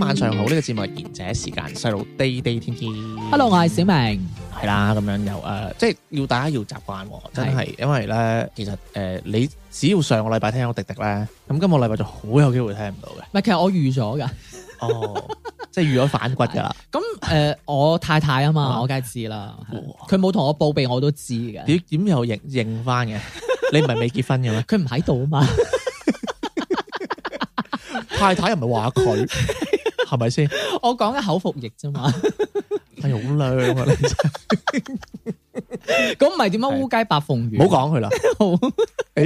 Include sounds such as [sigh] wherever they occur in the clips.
晚上好，呢、這個節目係賢者時間，細路滴滴天天。Hello，我係小明。係啦，咁樣又誒、呃，即係要大家要習慣，真係，的因為咧，其實誒、呃，你只要上個禮拜聽我滴滴咧，咁今個禮拜就好有機會聽唔到嘅。唔係，其實我預咗噶。哦，即係預咗反骨噶啦。咁誒、 [laughs] 呃，我太太啊嘛，的我梗係知啦。佢冇同我報備，我都知嘅。點點又認認翻嘅？ [laughs] 你唔係未結婚嘅咩？佢唔喺度啊嘛。 [laughs] [laughs] 太太又唔係話佢。 [laughs] 係咪先？我講緊口服液啫嘛。 [laughs] 哎好靚啊！你真咁唔係點樣烏雞白鳳丸？唔好講佢啦。 [laughs] 好，誒、欸，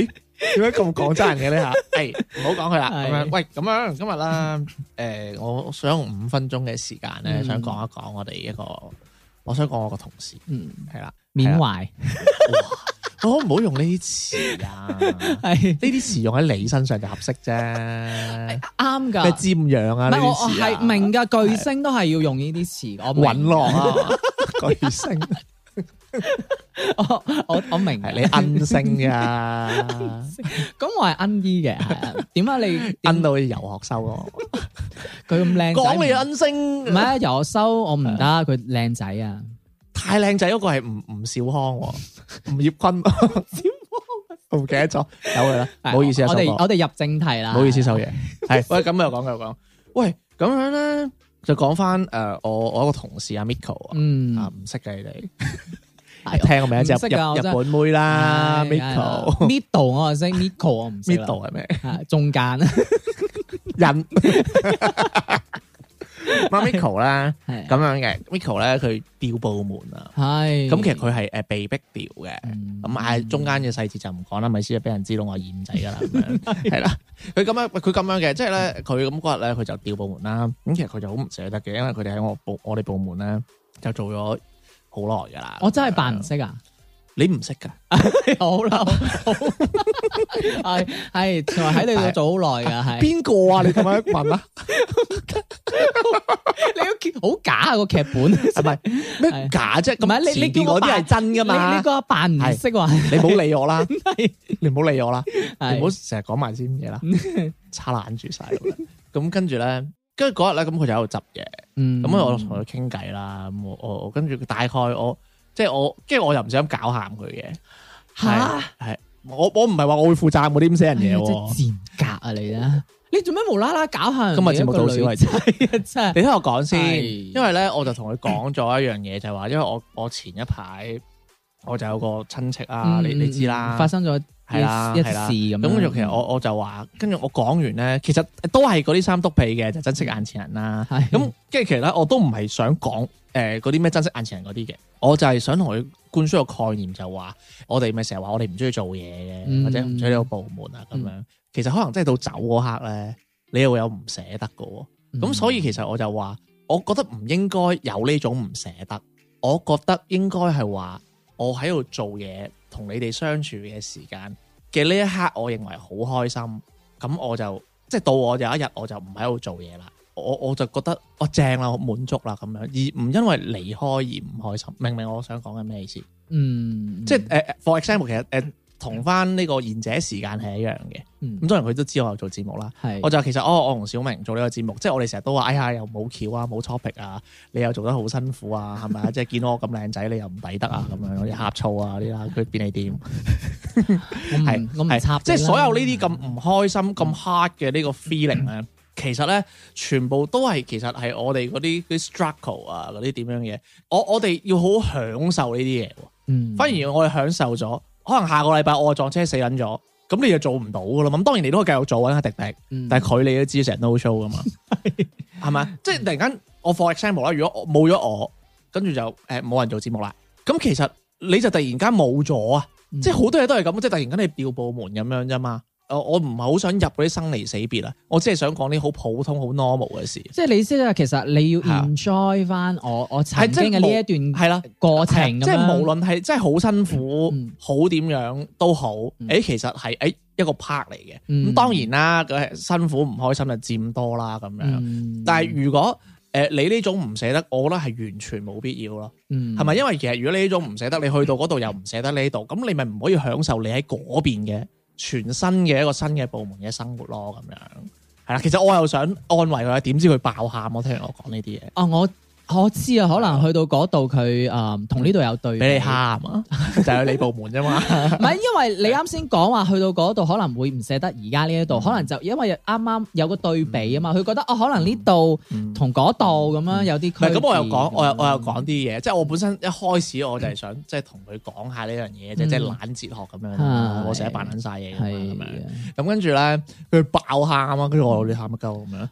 點解咁講真嘅咧吓？誒、欸，唔好講佢啦。咁是樣，喂，咁樣今日啦，誒，我想用五分鐘嘅時間咧，嗯、想講一講我哋一個，我想講我個同事。嗯，係啦了，緬懷懷。我唔好用呢啲詞啊！係呢啲詞用喺你身上就合適啫，啱噶。你瞻仰啊？唔係我我係明噶，巨星都係要用呢啲詞。我隕落啊，巨星！我我我明，你恩星啊？咁我係恩醫嘅，點解你恩到游學收咯？佢咁靚，講你恩星唔係呀，游學收，我唔得。佢靚仔啊！太靚仔嗰個係吳吳小康，吳業坤。我唔記得咗，有佢啦，唔好意思啊，我哋我哋入正題啦，唔好意思收嘢。係，喂，咁又講，又講，喂，咁樣咧，就講返誒，我我一個同事阿 Miko，嗯，啊，唔識嘅你哋，聽個名就日本妹啦，Miko，middle，我就識，Miko，我唔識啦，係咩？中間人。嗯、m i c h 咧，係咁是樣嘅。m i c h 咧，佢調部門啊，係咁是其實佢係誒被逼調嘅。咁啊、嗯，中間嘅細節就唔講啦，咪先俾人知道我係仔噶啦，咁樣係啦。佢咁樣，佢咁樣嘅，即係咧，佢咁嗰日咧，佢就調部門啦。咁其實佢就好唔捨得嘅，因為佢哋喺我部我哋部門咧就做咗好耐噶啦。我真係扮唔識啊！你唔識噶，好啦，係係同埋喺你度做好耐噶，係邊個啊？你咁樣問啊？你都好假啊個劇本，係咪咩假啫？咁啊，你你見嗰啲係真噶嘛？你呢個扮唔識話，你唔好理我啦，你唔好理我啦，你唔好成日講埋啲嘢啦，差爛住晒。咁跟住咧，跟住嗰日咧，咁佢就喺度執嘢，咁我同佢傾偈啦，咁我我跟住佢大概我。即係我，跟住我又唔想搞喊佢嘅。吓係蛤我，我唔係話我會負責冇點死人嘢，哎。真係賤格啊你！你啊，你做咩無啦啦搞喊？今日節目到此為止。 [laughs] 真係是，你聽我講先。唉因為咧，我就同佢講咗一樣嘢，就係話，是，因為我我前一排我就有個親戚啊，嗯，你你知啦，發生咗。係啦，係啦，咁跟住其實我就我就話，跟住我講完咧，其實都係嗰啲三督屁嘅，就是、珍惜眼前人啦。咁跟住其實咧，我都唔係想講誒嗰啲咩珍惜眼前人嗰啲嘅，我就係想同佢灌輸個概念，就話我哋咪成日話我哋唔中意做嘢嘅，嗯、或者唔中意呢個部門啊咁樣。其實可能真係到走嗰刻咧，你又會有唔捨得嘅。咁、嗯、所以其實我就話，我覺得唔應該有呢種唔捨得。我覺得應該係話，我喺度做嘢。同你哋相處嘅時間嘅呢一刻，我認為好開心。咁我就即係到我有一日，我就唔喺度做嘢啦。我我就覺得我正啦，我滿足啦咁樣，而唔因為離開而唔開心。明唔明我想講嘅咩意思？嗯，嗯即係誒、uh,，for example，其實誒。Uh, 同翻呢個賢者時間係一樣嘅，咁當然佢都知我有做節目啦。我就其實哦，我同小明做呢個節目，即係我哋成日都話，哎呀，又冇橋啊，冇 topic 啊，你又做得好辛苦啊，係咪啊？即係見到我咁靚仔，你又唔抵得啊？咁樣啲呷醋啊，啲啦，佢便利店係，我係插，即係所有呢啲咁唔開心、咁 hard 嘅呢個 feeling 咧，其實咧，全部都係其實係我哋嗰啲 struggle 啊，嗰啲點樣嘢，我我哋要好享受呢啲嘢，嗯，反而我哋享受咗。可能下個禮拜我撞車死捻咗，咁你就做唔到噶咯？咁當然你都可以繼續做揾下迪迪，但係佢你都知成 no show 噶嘛？係咪？即係突然間我放 example 啦，如果冇咗我，跟住就誒冇人做節目啦。咁其實你就突然間冇咗啊！即係好多嘢都係咁，即係突然間你調部門咁樣啫嘛。我唔係好想入嗰啲生離死別啊，我只係想講啲好普通好 normal 嘅事。即係你意思其實你要 enjoy 翻我的我曾經嘅呢一段係啦過程。即係無論係即係好辛苦，嗯、好點樣都好。誒、嗯欸，其實係誒一個 part 嚟嘅。咁、嗯、當然啦，辛苦唔開心就佔多啦咁樣。嗯、但係如果誒、呃、你呢種唔捨得，我覺得係完全冇必要咯。嗯，係咪？因為其實如果你呢種唔捨得，你去到嗰度又唔捨得呢度，咁你咪唔可以享受你喺嗰邊嘅？全新嘅一個新嘅部門嘅生活咯，咁樣係啦。其實我又想安慰佢，點知佢爆喊，我聽完我講呢啲嘢啊！我我知啊，可能去到嗰度佢，誒，同呢度有對比。俾你喊啊，就係你部門啫嘛。唔係，因為你啱先講話去到嗰度，可能會唔捨得而家呢一度，可能就因為啱啱有個對比啊嘛，佢覺得哦，可能呢度同嗰度咁樣有啲區別。唔係，咁我又講，我又我又講啲嘢，即係我本身一開始我就係想，即係同佢講下呢樣嘢，即係即係懶哲學咁樣。我成日扮撚晒嘢咁樣。咁跟住咧，佢爆喊啊，跟住我你喊乜鳩咁樣。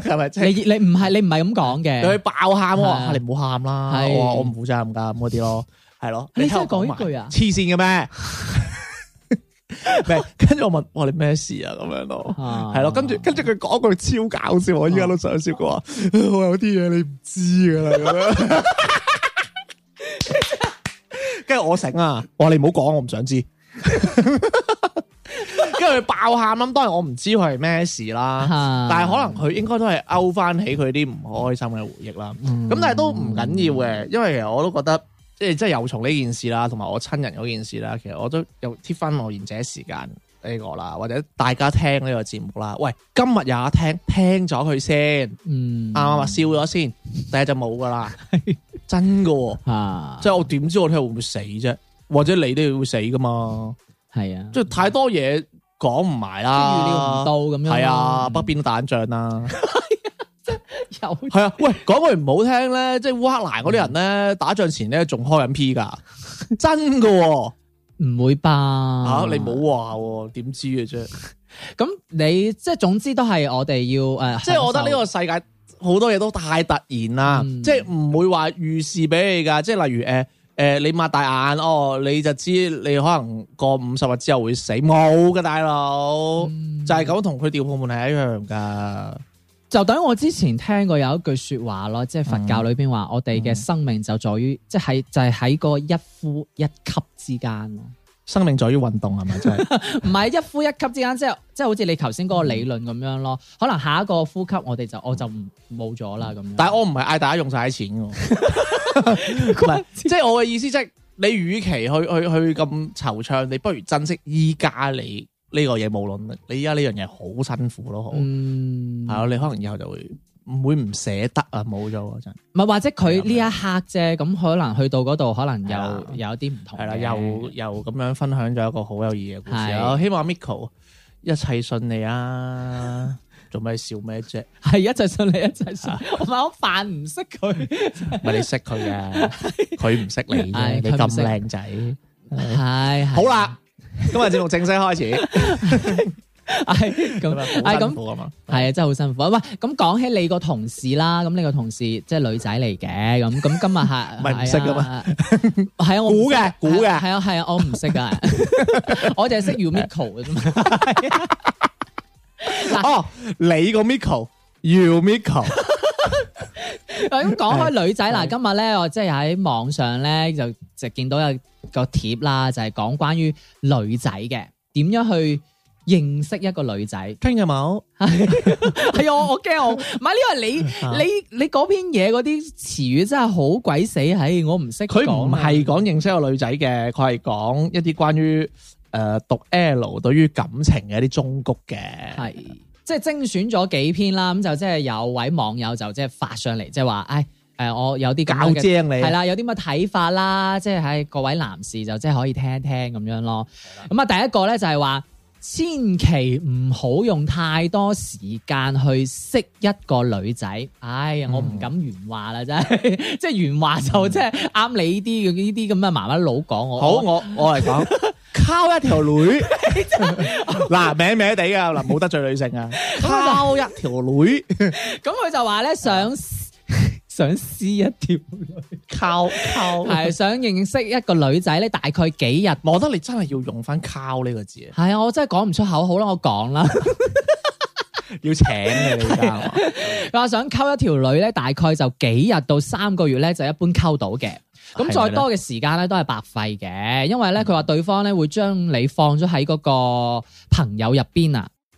係咪？你你唔係你唔係咁講嘅。佢爆。喊，你唔好喊啦，我話我唔負責任噶咁嗰啲咯，係咯的。你真係講呢句啊？黐線嘅咩？咩？跟住我問，我哋咩事啊？咁樣咯，係咯？跟住跟住佢講句超搞笑，我依家都想笑。佢話我有啲嘢你唔知嘅啦咁樣。跟住 [laughs] [laughs] 我醒啊，我話你唔好講，我唔想知。 [laughs] 跟住爆喊咁，當然我唔知佢係咩事啦。的但係可能佢應該都係勾翻起佢啲唔開心嘅回憶啦。咁、嗯、但係都唔緊要嘅，因為其實我都覺得，即係即係又從呢件事啦，同埋我親人嗰件事啦，其實我都又貼翻我賢者時間呢、這個啦，或者大家聽呢個節目啦。喂，今日有一聽，聽咗佢先，啱啱啱？啊、笑咗先，第日就冇噶啦， [laughs] [laughs] 真噶、哦，即係的、啊、我點知我聽會唔會死啫？或者你都要會死噶嘛？係啊的，的即係太多嘢。 [laughs] 講唔埋啦，預料唔到咁樣，啊，係、嗯、啊，北邊都打仗啦，真 [laughs] 又係知啊，喂，講句唔好聽咧，即係烏克蘭嗰啲人咧，打仗前咧仲開緊 P 噶，嗯、真噶、哦，唔會吧？吓、啊，你冇話、啊，點知嘅啫？咁 [laughs] 你即係總之都係我哋要誒，即係我覺得呢個世界好多嘢都太突然啦，即係唔會話預示俾你噶，即係例如誒。呃誒、呃、你擘大眼哦，你就知你可能過五十日之後會死冇㗎，大佬、嗯、就係咁同佢調鋪門係一樣㗎。就等於我之前聽過有一句説話咯，即係佛教裏邊話我哋嘅生命就在於，即係、嗯、就係喺個一呼一吸之間。生命在於運動係咪？真係唔係一呼一吸之間，即係即係好似你頭先嗰個理論咁樣咯。嗯、可能下一個呼吸我，我哋就、嗯、我就冇咗啦。咁，但係我唔係嗌大家用晒啲錢喎，即係我嘅意思、就是，即係你與其去去去咁惆悵，你不如珍惜依家你呢個嘢。無論你依家呢樣嘢好辛苦咯，好係咯， [laughs] 你可能以後就會。唔會唔捨得啊，冇咗嗰陣，唔係或者佢呢一刻啫，咁可能去到嗰度，可能又有啲唔同。係啦，又又咁樣分享咗一個好有意義嘅故事。我希望 Miko 一切順利啊！做咩笑咩啫？係一切順利，一切順利。我我扮唔識佢，唔係你識佢啊，佢唔識你，你咁靚仔。係好啦，今日節目正式開始。係咁，係咁，係啊！真係好辛苦。喂，咁講起你個同事啦，咁你個同事即係女仔嚟嘅，咁咁今日係唔係唔識噶嘛？係啊，我估嘅，估嘅，係啊，係啊，我唔識噶，我就係識 U Michael 嘅啫嘛。哦，你個 Michael，U Michael。咁講開女仔，嗱，今日咧，我即係喺網上咧就就見到有個貼啦，就係講關於女仔嘅點樣去。認識一個女仔，傾嘅冇係係啊！我驚我唔係呢個你你你嗰篇嘢，嗰啲詞語真係好鬼死唉、哎！我唔識佢唔係講認識一個女仔嘅，佢係講一啲關於誒、呃、讀 L 對於感情嘅一啲忠告嘅。係，即係、就是、精選咗幾篇啦。咁就即係有位網友就即係發上嚟，即係話誒誒，我有啲搞精你係啦，有啲乜睇法啦，即係喺各位男士就即係可以聽一聽咁樣咯。咁啊了，第一個咧就係話。千祈唔好用太多時間去識一個女仔，哎呀，我唔敢原話啦，真係、嗯，即係 [laughs] 原話就即係啱你呢啲嘅呢啲咁嘅媽媽佬講我。好，我我嚟講，溝 [laughs] 一條女，嗱 [laughs] 的，歪歪地噶嗱，冇得罪女性啊，溝 [laughs] 一條女，咁佢 [laughs] [laughs] 就話咧想。想撕一條女靠，溝溝係想認識一個女仔咧，大概幾日？我覺得你真係要用翻溝呢個字啊！係啊，我真係講唔出口，好啦，我講啦， [laughs] 要請你。而家佢話想溝一條女咧，大概就幾日到三個月咧，就一般溝到嘅。咁、啊、再多嘅時間咧，都係白費嘅，因為咧，佢話對方咧會將你放咗喺嗰個朋友入邊啊。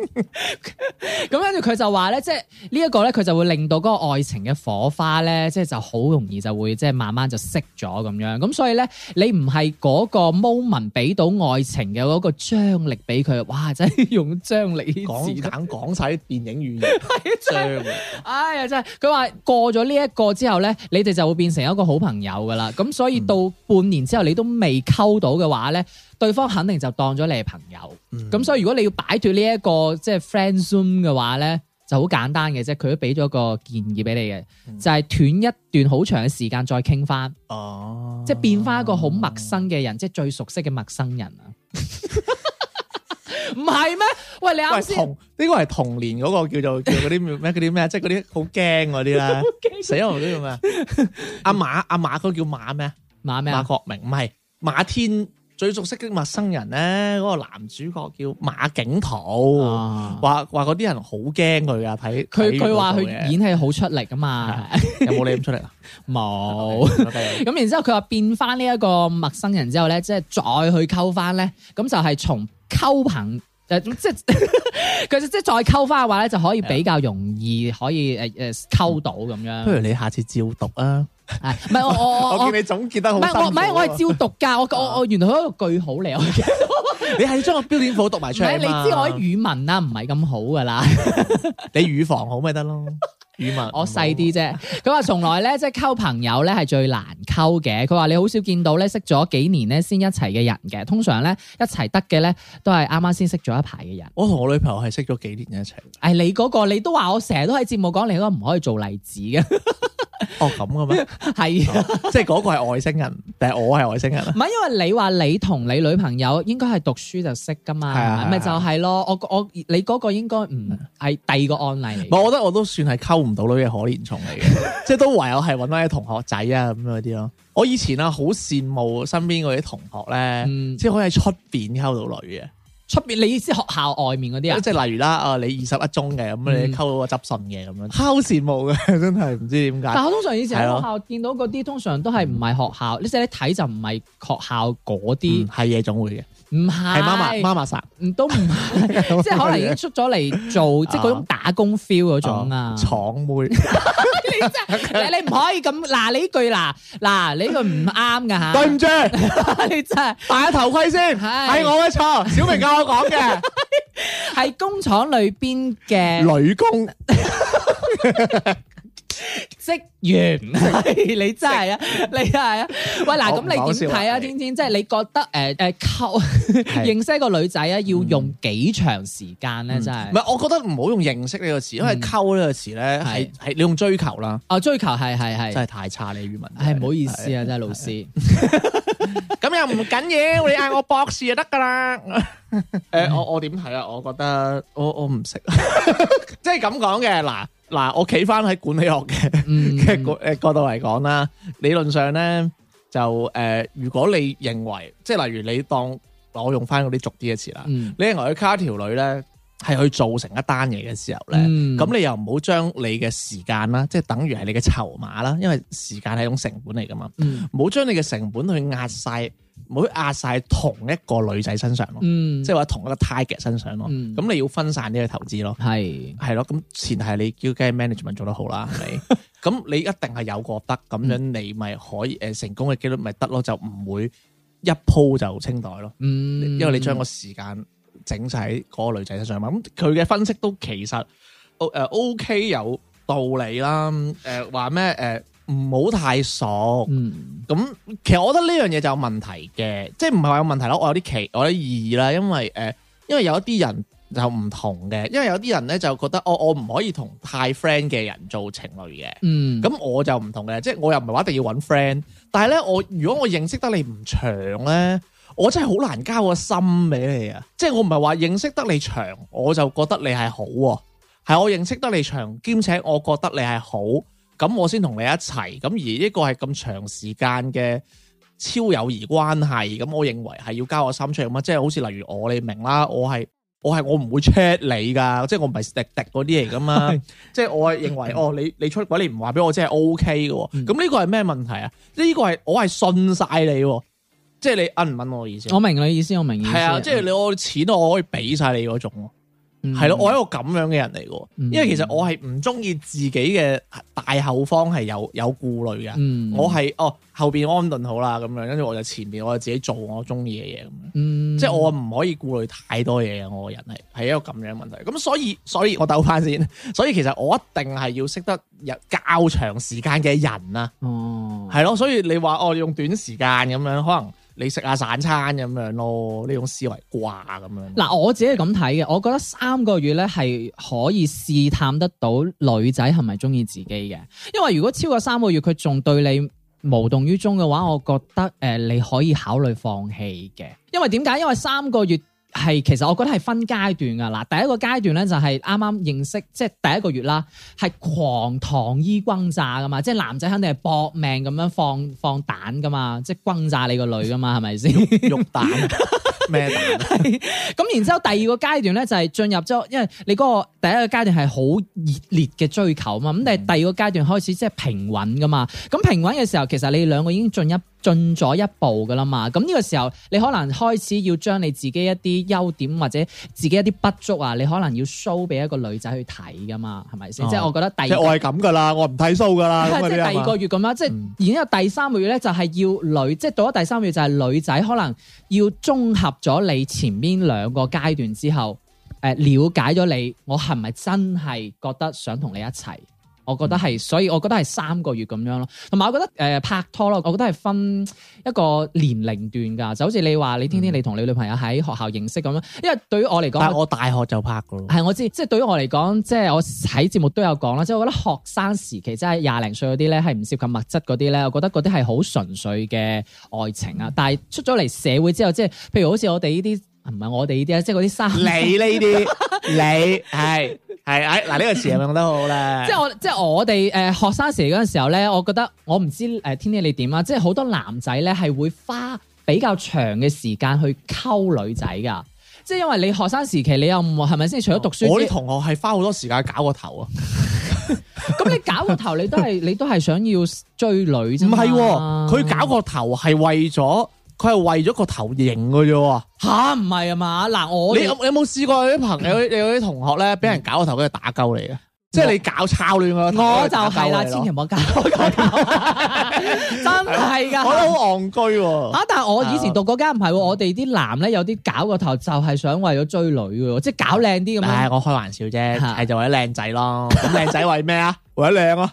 咁跟住佢就話咧，即係呢一個咧，佢就會令到嗰個愛情嘅火花咧，即係就好、是、容易就會即係、就是、慢慢就熄咗咁樣。咁所以咧，你唔係嗰個 moment 俾到愛情嘅嗰個張力俾佢，哇！真係用張力講講講晒電影語言，係張 [laughs] 的。 [laughs] 哎呀，真係，佢話過咗呢一個之後咧，你哋就會變成一個好朋友噶啦。咁所以到半年之後，你都未溝到嘅話咧。嗯 [laughs] 對方肯定就當咗你係朋友，咁、嗯、所以如果你要擺脫呢一個即係 friend zone 嘅話咧，就好、是、簡單嘅啫。佢都俾咗個建議俾你嘅，就係、是、斷一段好長嘅時間再傾翻，嗯、即係變翻一個好陌生嘅人，哦、即係最熟悉嘅陌生人啊！唔係咩？喂，你啱先同呢個係童年嗰個叫做叫嗰啲咩啲咩，即係嗰啲好驚嗰啲啦，就是、 [laughs] 死我啲咁咩？阿、 [laughs] 啊、馬阿馬嗰叫馬咩？馬咩？馬國明唔係馬天。最熟悉嘅陌生人咧，嗰、那個男主角叫馬景濤，話話嗰啲人好驚佢㗎，睇佢佢話佢演戲好出力啊嘛，有冇你咁出力啊？冇、啊。咁然之後佢話變翻呢一個陌生人之後咧，即係再去溝翻咧，咁就係從溝朋誒， [laughs] 即係其實即係再溝翻嘅話咧，就可以比較容易可以誒誒溝到咁、啊、樣。不如你下次照讀啊！係，唔係、啊、我我我見你總結得好。唔係我唔係我係照讀噶，我讀我、啊、我，我原來嗰個句號嚟，我嘅。你係要將個標點符號讀埋出嚟，你知我語文啦、啊，唔係咁好噶啦、嗯。你語防好咪得咯？語文我細啲啫。佢話從來咧，即係溝朋友咧係最難溝嘅。佢話你好少見到咧，識咗幾年咧先一齊嘅人嘅。通常咧一齊得嘅咧都係啱啱先識咗一排嘅人。我同我女朋友係識咗幾年一齊。誒、哎，你嗰、嗰個你都話我成日都喺節目講，你嗰個唔可以做例子嘅。 [laughs] 哦咁嘅咩？係是、啊哦，即係嗰個係外星人，定係我係外星人啦？唔係，因為你話你同你女朋友應該係讀書就識噶嘛，係咪？咪就係咯。我我你嗰個應該唔係第二個案例嚟。我覺得我都算係溝唔到女嘅可憐蟲嚟嘅， [laughs] 即係都唯有係搵翻啲同學仔啊咁嗰啲咯。我以前啊好羨慕身邊嗰啲同學咧，嗯、即係可以喺出邊溝到女嘅。出面，你意思學校外面嗰啲啊？即係例如啦，啊你二十一中嘅咁，你溝到個執信嘅咁樣，嚇好羨慕嘅，真係唔知點解。但係我通常以前喺學校見到嗰啲，的通常都係唔係學校，的你即係睇就唔係學校嗰啲，係夜、嗯、總會嘅，唔係是，係媽媽媽媽桑，唔都唔， [laughs] 即係可能已經出咗嚟做，即係嗰種打工 feel 嗰種啊，廠、啊、妹。 [laughs] 你唔可以咁嗱，你呢句嗱嗱，你呢句唔啱㗎，吓，對唔住，你真係戴 [laughs] 的 [laughs] 個頭盔先，係我嘅錯，小明教我講嘅，係 [laughs] 工廠裏邊嘅女工。 [laughs] 職員，你真係啊，你係啊，喂嗱，咁你點睇啊？天天，即係你覺得誒誒，溝認識一個女仔啊，要用幾長時間咧？真係唔係，我覺得唔好用認識呢個詞，因為溝呢個詞咧係係你用追求啦。啊，追求係係係，真係太差你語文。係，唔好意思啊，真係老師，咁又唔緊要，你嗌我博士就得噶啦。誒，我我點睇啊？我覺得我我唔識，即係咁講嘅嗱。嗱，我企翻喺管理學嘅嘅角誒角度嚟講啦，嗯、理論上咧就誒、呃，如果你認為即係例如你當我用翻嗰啲俗啲嘅詞啦，嗯、你認為去卡條女咧係去做成一單嘢嘅時候咧，咁、嗯、你又唔好將你嘅時間啦，即係等於係你嘅籌碼啦，因為時間係一種成本嚟噶嘛，唔好將你嘅成本去壓晒。唔好壓晒同一個女仔身上咯，嗯、即係話同一個 target 身上咯，咁、嗯、你要分散呢個投資咯，係係咯，咁前提係你叫即 management 做得好啦，係咪的？咁 [laughs] 你一定係有覺得咁樣，你咪可以誒、嗯、成功嘅幾率咪得咯，就唔會一鋪就清袋咯，嗯，因為你將個時間整晒喺嗰個女仔身上嘛，咁佢嘅分析都其實 O 誒、呃、OK 有道理啦，誒話咩誒？唔好太熟，咁、嗯、其實我覺得呢樣嘢就有問題嘅，即係唔係話有問題咯，我有啲奇，我啲異議啦，因為誒、呃，因為有一啲人就唔同嘅，因為有啲人咧就覺得、哦、我我唔可以同太 friend 嘅人做情侶嘅，咁、嗯、我就唔同嘅，即係我又唔係話一定要揾 friend，但係咧我如果我認識得你唔長咧，我真係好難交個心俾你啊，即係我唔係話認識得你長，我就覺得你係好喎，係我認識得你長，兼且我覺得你係好。咁我先同你一齊，咁而呢個係咁長時間嘅超友誼關係，咁我認為係要交我心出嚟噶嘛，即係好似例如我你明啦，我係我係我唔會 check 你噶，即係我唔係滴滴嗰啲嚟噶嘛， [laughs] 即係我係認為 [laughs] 哦，你你出軌你唔話俾我，即係 O K 嘅，咁呢、嗯、個係咩問題啊？呢、呢個係我係信晒你，即係你啱唔啱我，意思，我意思？我明你意思，我明，係啊，嗯、即係你我錢我可以俾晒你嗰種。係咯，我係一個咁樣嘅人嚟嘅，嗯、因為其實我係唔中意自己嘅大後方係有有顧慮嘅。嗯、我係哦後邊安頓好啦，咁樣跟住我就前面，我就自己做我中意嘅嘢，咁即係我唔可以顧慮太多嘢嘅，我個人係係一個咁樣問題。咁所以所以我兜翻先，所以其實我一定係要識得有較長時間嘅人啊。係咯、嗯，所以你話我、哦、用短時間咁樣可能。你食下散餐咁樣咯，呢種思維啩咁樣。嗱，我自己係咁睇嘅，我覺得三個月咧係可以試探得到女仔係咪中意自己嘅。因為如果超過三個月，佢仲對你無動於衷嘅話，我覺得誒、呃、你可以考慮放棄嘅。因為點解？因為三個月。係，其實我覺得係分階段噶。嗱，第一個階段咧就係啱啱認識，即係第一個月啦，係狂糖衣轟炸噶嘛，即係男仔肯定係搏命咁樣放放蛋噶嘛，即係轟炸你個女噶嘛，係咪先？肉蛋咩蛋？咁 [laughs] [laughs] 然之後第二個階段咧就係進入咗，因為你嗰個第一個階段係好熱烈嘅追求嘛，咁你係第二個階段開始即係平穩噶嘛，咁平穩嘅時候其實你兩個已經進入。進咗一步噶啦嘛，咁呢個時候你可能開始要將你自己一啲優點或者自己一啲不足啊，你可能要 show 俾一個女仔去睇噶嘛，係咪先？嗯、即係我覺得第二，即我係咁噶啦，我唔睇 show 噶啦。係即係第二個月咁啦，即係然之後第三個月咧就係要女，嗯、即係到咗第三個月就係女仔可能要綜合咗你前面兩個階段之後，誒、呃、了解咗你，我係咪真係覺得想同你一齊？我覺得係，所以我覺得係三個月咁樣咯。同埋我覺得誒拍拖咯，我覺得係分一個年齡段噶，就好似你話你天天你同你女朋友喺學校認識咁樣。因為對於我嚟講，但係我大學就拍噶咯。係我知，即係對於我嚟講，即係我喺節目都有講啦。即係我覺得學生時期即係廿零歲嗰啲咧，係唔涉及物質嗰啲咧。我覺得嗰啲係好純粹嘅愛情啊。但係出咗嚟社會之後，即係譬如好似我哋呢啲唔係我哋呢啲啊，即係嗰啲生你呢啲， [laughs] 你係。係，嗱呢個詞係咪講得好咧？即係我，即係我哋誒學生時期嗰陣時候咧，我覺得我唔知誒，天天你點啊？即係好多男仔咧係會花比較長嘅時間去溝女仔噶，即係因為你學生時期你又唔係咪先？是是除咗讀書，哦、我啲同學係花好多時間搞個頭啊！咁 [laughs] [laughs] 你搞個頭，你都係你都係想要追女啫？唔係、哦，佢搞個頭係為咗。佢係為咗個頭型嘅啫，吓，唔係啊嘛？嗱，我你有有冇試過有啲朋友、你有啲同學咧，俾人搞個頭，佢係打鳩嚟嘅，即係你搞抄亂嘅。我就係啦，千祈唔好搞，真係噶，好戇居。吓，但係我以前讀嗰間唔係，我哋啲男咧有啲搞個頭就係想為咗追女嘅，即係搞靚啲咁。唉，我開玩笑啫，係為咗靚仔咯。咁靚仔為咩啊？為靚啊！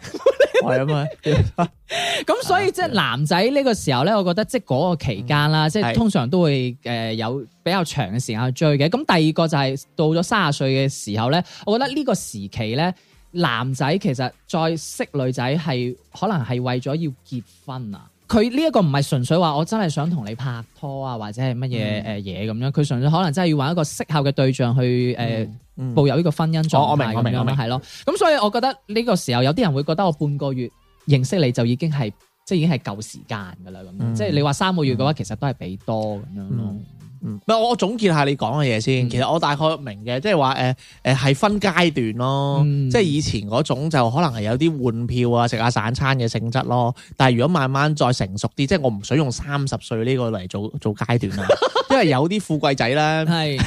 咁 [laughs] [laughs] 所以即係男仔呢個時候咧，我覺得即係嗰個期間啦，即係通常都會誒有比較長嘅時間去追嘅。咁第二個就係到咗卅歲嘅時候咧，我覺得呢個時期咧，男仔其實再識女仔係可能係為咗要結婚啊。佢呢一個唔係純粹話我真係想同你拍拖啊，或者係乜嘢誒嘢咁樣，佢純、嗯呃、粹可能真係要揾一個適合嘅對象去誒、呃嗯、步入呢個婚姻狀態咁、嗯嗯、樣，我明、係咯、哦。咁所以我覺得呢個時候有啲人會覺得我半個月認識你就已經係即係已經係夠時間㗎喇，咁樣即係你話三個月嘅話，嗯、其實都係俾多咁樣咯。嗯嗯唔，唔、嗯，我總結下你講嘅嘢先。其實我大概明嘅，就是呃嗯、即係話，誒，誒，係分階段咯。即係以前嗰種就可能係有啲換票啊，食下散餐嘅性質咯。但係如果慢慢再成熟啲，即係我唔想用三十歲呢個嚟做做階段啊。因為有啲富貴仔咧，係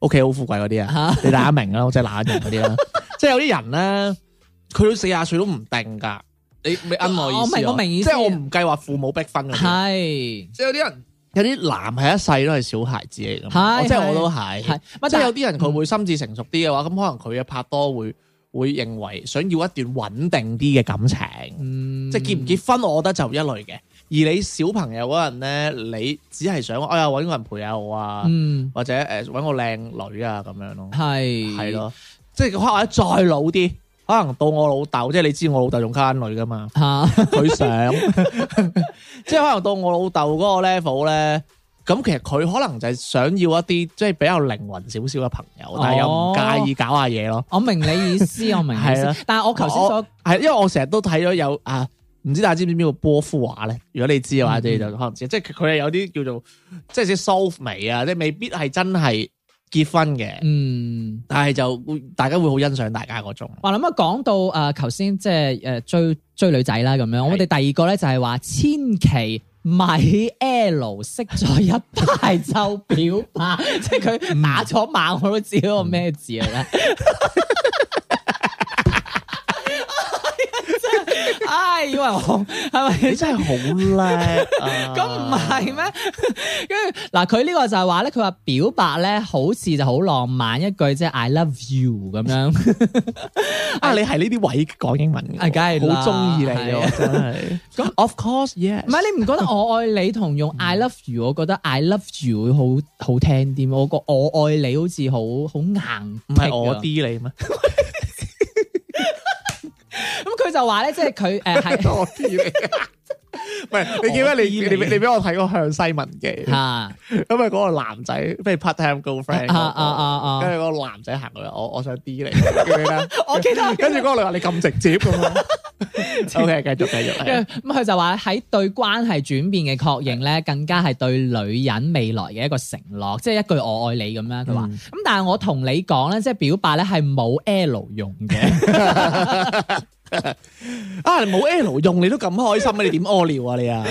屋企好富貴嗰啲啊。你大家明啊，我真係懶人嗰啲啦。即係有啲人咧，佢到四十歲都唔定噶。你唔啱我意思？明我明，明意思。即係我唔計話父母逼婚係，是即係有啲人。有啲男係一世都係小孩子嚟嘅，即係我都係。即係有啲人佢會心智成熟啲嘅話，咁、嗯、可能佢嘅拍拖會會認為想要一段穩定啲嘅感情，嗯、即係結唔結婚，我覺得就一類嘅。而你小朋友嗰陣咧，你只係想哎呀搵個人陪下我啊，嗯、或者誒搵、呃、個靚女啊咁樣咯。係係咯，即係佢可能再老啲。可能到我老豆，即係你知我老豆仲溝女噶嘛？嚇，佢想， [laughs] 即係可能到我老豆嗰個 level 咧，咁其實佢可能就係想要一啲即係比較靈魂少少嘅朋友，哦、但係又唔介意搞下嘢咯。我明你意思，我明你意思。 [laughs] 的但係我頭先所係，因為我成日都睇咗有啊，唔知大家知唔知邊個波夫話咧？如果你知嘅話，即、嗯嗯、就，就可能知。即係佢係有啲叫做即係啲 soft 味啊，即未必係真係。結婚嘅，嗯，但係就大家會好欣賞大家嗰種。哇，咁、呃、啊，講到誒，頭先即係誒追追女仔啦，咁樣。的我哋第二個咧就係話，千祈咪 L 識咗一排就表白、 [laughs] 啊，即係佢打咗碼，我都知嗰個咩字嚟啦。嗯 [laughs] [laughs] 真係以為我係咪？是是你真係好叻，咁唔係咩？跟住嗱，佢呢個就係話咧，佢話表白咧，好似就好浪漫，一句即係 I love you 咁樣。 [laughs] 啊，你係呢啲位講英文，啊、哎，梗係好中意你，的真係。咁 [laughs] Of course，yes。唔係你唔覺得我愛你同用 I love you，我覺得 I love you 會好好聽啲，我個我愛你好似好好硬，唔係我啲你咩？ [laughs] 佢就話咧，即係佢誒係多啲嘅，唔係，你記唔記得你你你俾我睇嗰個向西文記啊？咁咪嗰個男仔不如 part time go friend 啊啊啊啊！跟住嗰個男仔行過去，我我想 D 你記唔記得？我記得，跟住嗰個女話你咁直接咁啊！好嘅，繼續繼續。咁佢就話喺對關係轉變嘅確認咧，更加係對女人未來嘅一個承諾，即係一句我愛你咁啦。佢話咁，但係我同你講咧，即係表白咧係冇 L 用嘅。 [laughs] 啊！你冇 L 用，你都咁開心， [laughs] 你點屙尿啊？你啊？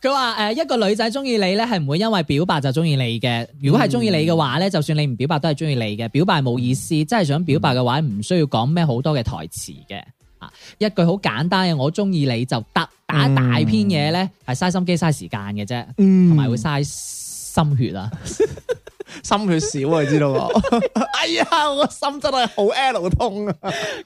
佢話誒，一個女仔中意你咧，係唔會因為表白就中意你嘅。如果係中意你嘅話咧，就算你唔表白都係中意你嘅。表白冇意思，嗯、真係想表白嘅話唔、嗯、需要講咩好多嘅台詞嘅啊。一句好簡單嘅我中意你就得打，打大篇嘢咧，係嘥心機嘥時間嘅啫，同埋會嘥心血啊。 [laughs] 心血少啊，你知道嗎？哎呀，我個心真係好 ell 痛啊！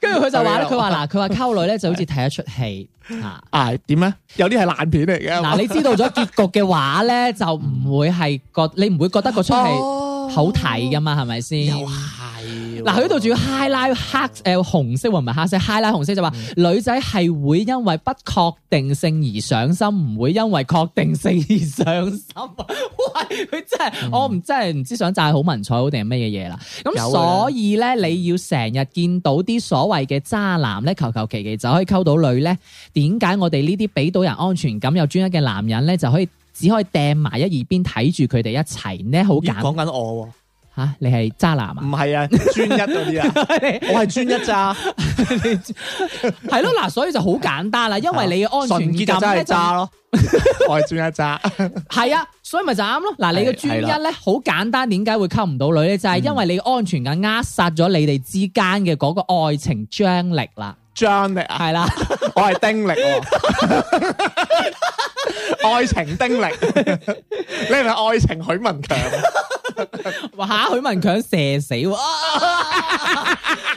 跟住佢就話咧，佢話嗱，佢話溝女咧就好似睇一出戲 [laughs] 啊！點咧、啊？有啲係爛片嚟嘅。嗱、啊， [laughs] 你知道咗結局嘅話咧，就唔會係覺，你唔會覺得個出戲？好睇噶嘛，係咪先？又係嗱，佢度仲要 highlight 黑誒、嗯呃、紅色，或唔係黑色？highlight 紅色就話、嗯、女仔係會因為不確定性而上心，唔會因為確定性而上心。喂，佢真係我唔真係唔知想讚好文采，好定係咩嘢嘢啦？咁所以咧，嗯、你要成日見到啲所謂嘅渣男咧，求求其其就可以溝到女咧，點解我哋呢啲俾到人安全感又專一嘅男人咧就可以？只可以掟埋一耳邊睇住佢哋一齊咧，好簡單。講緊我吓、啊啊，你係渣男啊？唔係啊，專 [laughs] 一嗰啲啊，我係專一渣，係咯。嗱，所以就好簡單啦，因為你嘅安全感咧係渣咯，我係專一渣，係啊，所以咪就啱咯。嗱，你嘅專一咧好簡單，點解會溝唔到女咧？就係、是、因為你安全感扼殺咗你哋之間嘅嗰個愛情張力啦。張力啊，係啦，我係丁力，愛情丁力，你係咪愛情許文強？哇吓，許文強射死我，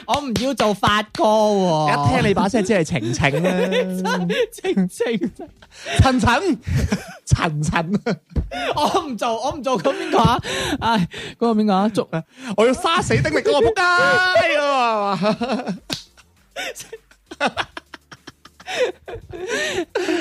我唔要做發哥，一聽你把聲只係晴晴咧，晴晴，陳陳，陳陳，我唔做，我唔做，咁邊個啊？唉，嗰個邊個啊？捉啊！我要殺死丁力，嗰個撲街啊！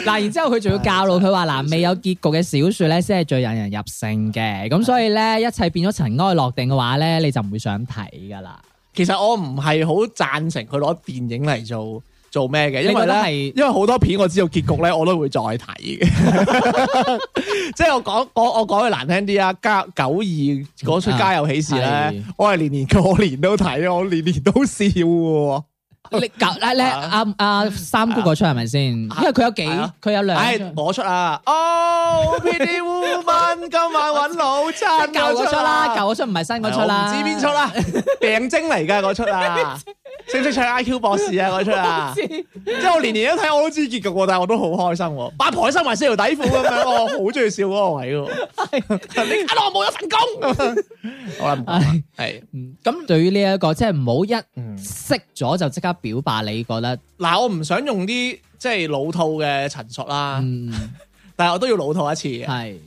嗱，然之後佢仲要教路，佢話嗱，未有結局嘅小說咧，先係最引人入勝嘅。咁所以咧，一切變咗塵埃落定嘅話咧，你就唔會想睇噶啦。其實我唔係好贊成佢攞電影嚟做做咩嘅，因為咧係因為好多片我知道結局咧，我都會再睇嘅。即係我講我我講句難聽啲啊，九二嗰出《家有喜事》咧，我係年年過年都睇，我年年都笑。你舊啦，咧阿阿三姑嗰出係咪先？因為佢有幾佢、啊、有兩，係、哎、我出啊哦 pretty woman， [laughs] 今晚揾老襯舊出啦，舊出唔係新嗰出啦。唔、哎、知邊出啦？ [laughs] 病徵嚟噶嗰出啦。 [laughs] 識唔識唱《IQ 博士》啊？嗰出啊，即係我年年都睇，我都知結局，但係我都好開心。八婆身埋四條底褲咁樣， [laughs] 我好中意笑嗰個位。阿 [laughs] [laughs] 我冇咗份工， [laughs] 好啦，係咁。 [laughs] 對於呢一個，即係唔好一識咗就即刻表白。你覺得嗱、嗯嗯？我唔想用啲即係老套嘅陳述啦，嗯、 [laughs] 但係我都要老套一次。係是，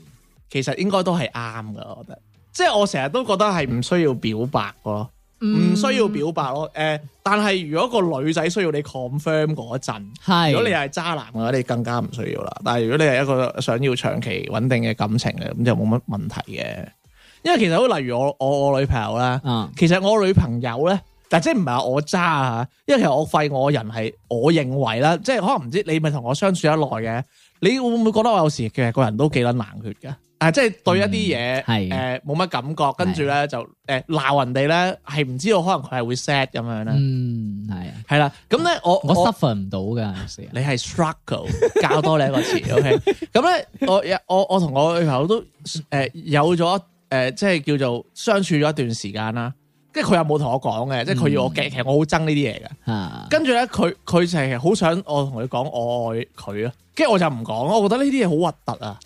其實應該都係啱嘅，我覺得。即係我成日都覺得係唔需要表白嘅咯。唔需要表白咯，誒、呃，但係如果個女仔需要你 confirm 嗰陣，係是如果你係渣男嘅話，你更加唔需要啦。但係如果你係一個想要長期穩定嘅感情嘅，咁就冇乜問題嘅。因為其實好例如我我我女朋友咧，嗯、其實我女朋友咧，但即係唔係話我渣呀，因為其實我廢我人係我認為啦，即係可能唔知你咪同我相處得耐嘅，你會唔會覺得我有時其實個人都幾捻冷血㗎？啊，嗯、即係對一啲嘢，係誒冇乜感覺，跟住咧就誒鬧、呃、人哋咧，係唔知道可能佢係會 sad 咁樣咧。的嗯，係係啦，咁咧、嗯、我我 suffer 唔到噶，你係 struggle 教多你一個詞。OK，咁咧我我我同我女朋友都誒有咗誒、呃，即係叫做相處咗一段時間啦。跟住佢又冇同我講嘅，即係佢要我嘅，其實我好憎呢啲嘢嘅。跟住咧佢佢就係好想我同佢講我愛佢啊，跟住我就唔講，我覺得呢啲嘢好核突啊。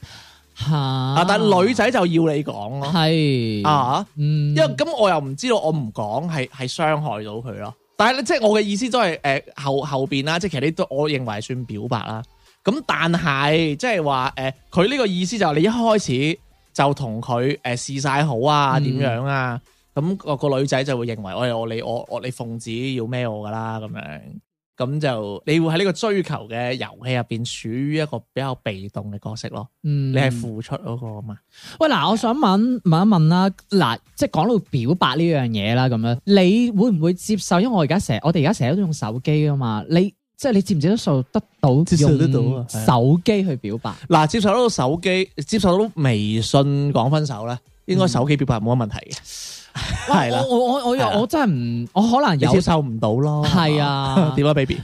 吓、啊、但女仔就要你講咯，係啊，嗯、因為咁我又唔知道我，我唔講係係傷害到佢咯。但係即係我嘅意思都係誒、呃、後後邊啦，即係其實你都我認為算表白啦。咁但係即係話誒，佢呢個意思就係你一開始就同佢誒試晒好啊，點樣啊？咁個、嗯嗯個女仔就會認為，哎我你我你我你奉旨要咩我噶啦咁樣。咁就你會喺呢個追求嘅遊戲入邊，處於一個比較被動嘅角色咯。嗯，你係付出嗰個啊嘛？喂，嗱，我想問問一問啦，嗱，即係講到表白呢樣嘢啦，咁樣你會唔會接受？因為我而家成日，我哋而家成日都用手機啊嘛。你即係你接唔接受得到，接受得到手機去表白？嗱，接受到手機，接受到微信講分手咧，應該手機表白冇乜問題嘅。哇的我我我我又我真係唔，的我可能有接受唔到咯。係啊的，點啊，baby？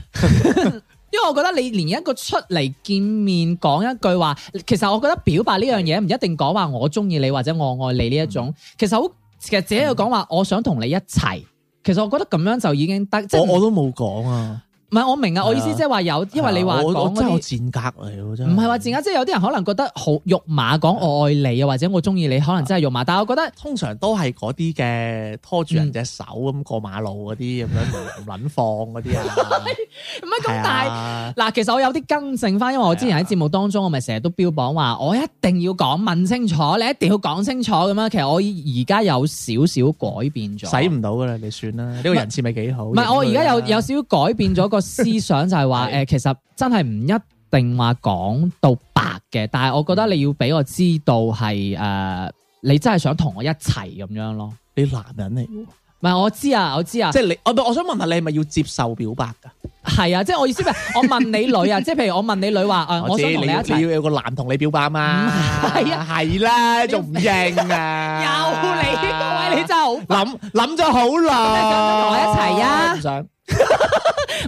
因為我覺得你連一個出嚟見面講一句話，其實我覺得表白呢樣嘢唔一定講話我中意你或者我愛你呢一種，嗯、其實好其實只係要講話我想同你一齊。的其實我覺得咁樣就已經得。我即我不我都冇講啊。唔係，我明啊，我意思即係話有，因為、啊、你話我，我真係有賤格嚟，真係唔係話賤格，即係有啲人可能覺得好肉麻講我愛你啊，或者我中意你，可能真係肉麻，但係我覺得通常都係嗰啲嘅拖住人隻手咁過馬路嗰啲咁樣唔撚放嗰啲啊。 [laughs] 吧 [laughs] 咁但嗱，啊、其實我有啲更正翻，因為我之前喺節目當中，我咪成日都標榜話，我一定要講問清楚，你一定要講清楚咁樣。其實我而家有少少改變咗，使唔到噶啦，你算啦。呢個人設咪幾好？唔係不，我而家有有少少改變咗個思想就，就係話誒，其實真係唔一定話講到白嘅，但係我覺得你要俾我知道係誒，uh, 你真係想同我一齊咁樣咯。你男人嚟唔係我知啊，我知啊，即係 [laughs] 你，我我想問下你係咪要接受表白噶？係啊，即係我意思咪？ [laughs] 我問你女啊，即係譬如我問你女話，誒、呃，我想同你一齊。你要有個男同你表白嘛？唔係啊，係啦，仲唔認啊？又你呢個位，你真係諗諗咗好耐，想唔想同 [laughs] 我，我一齊啊？唔想。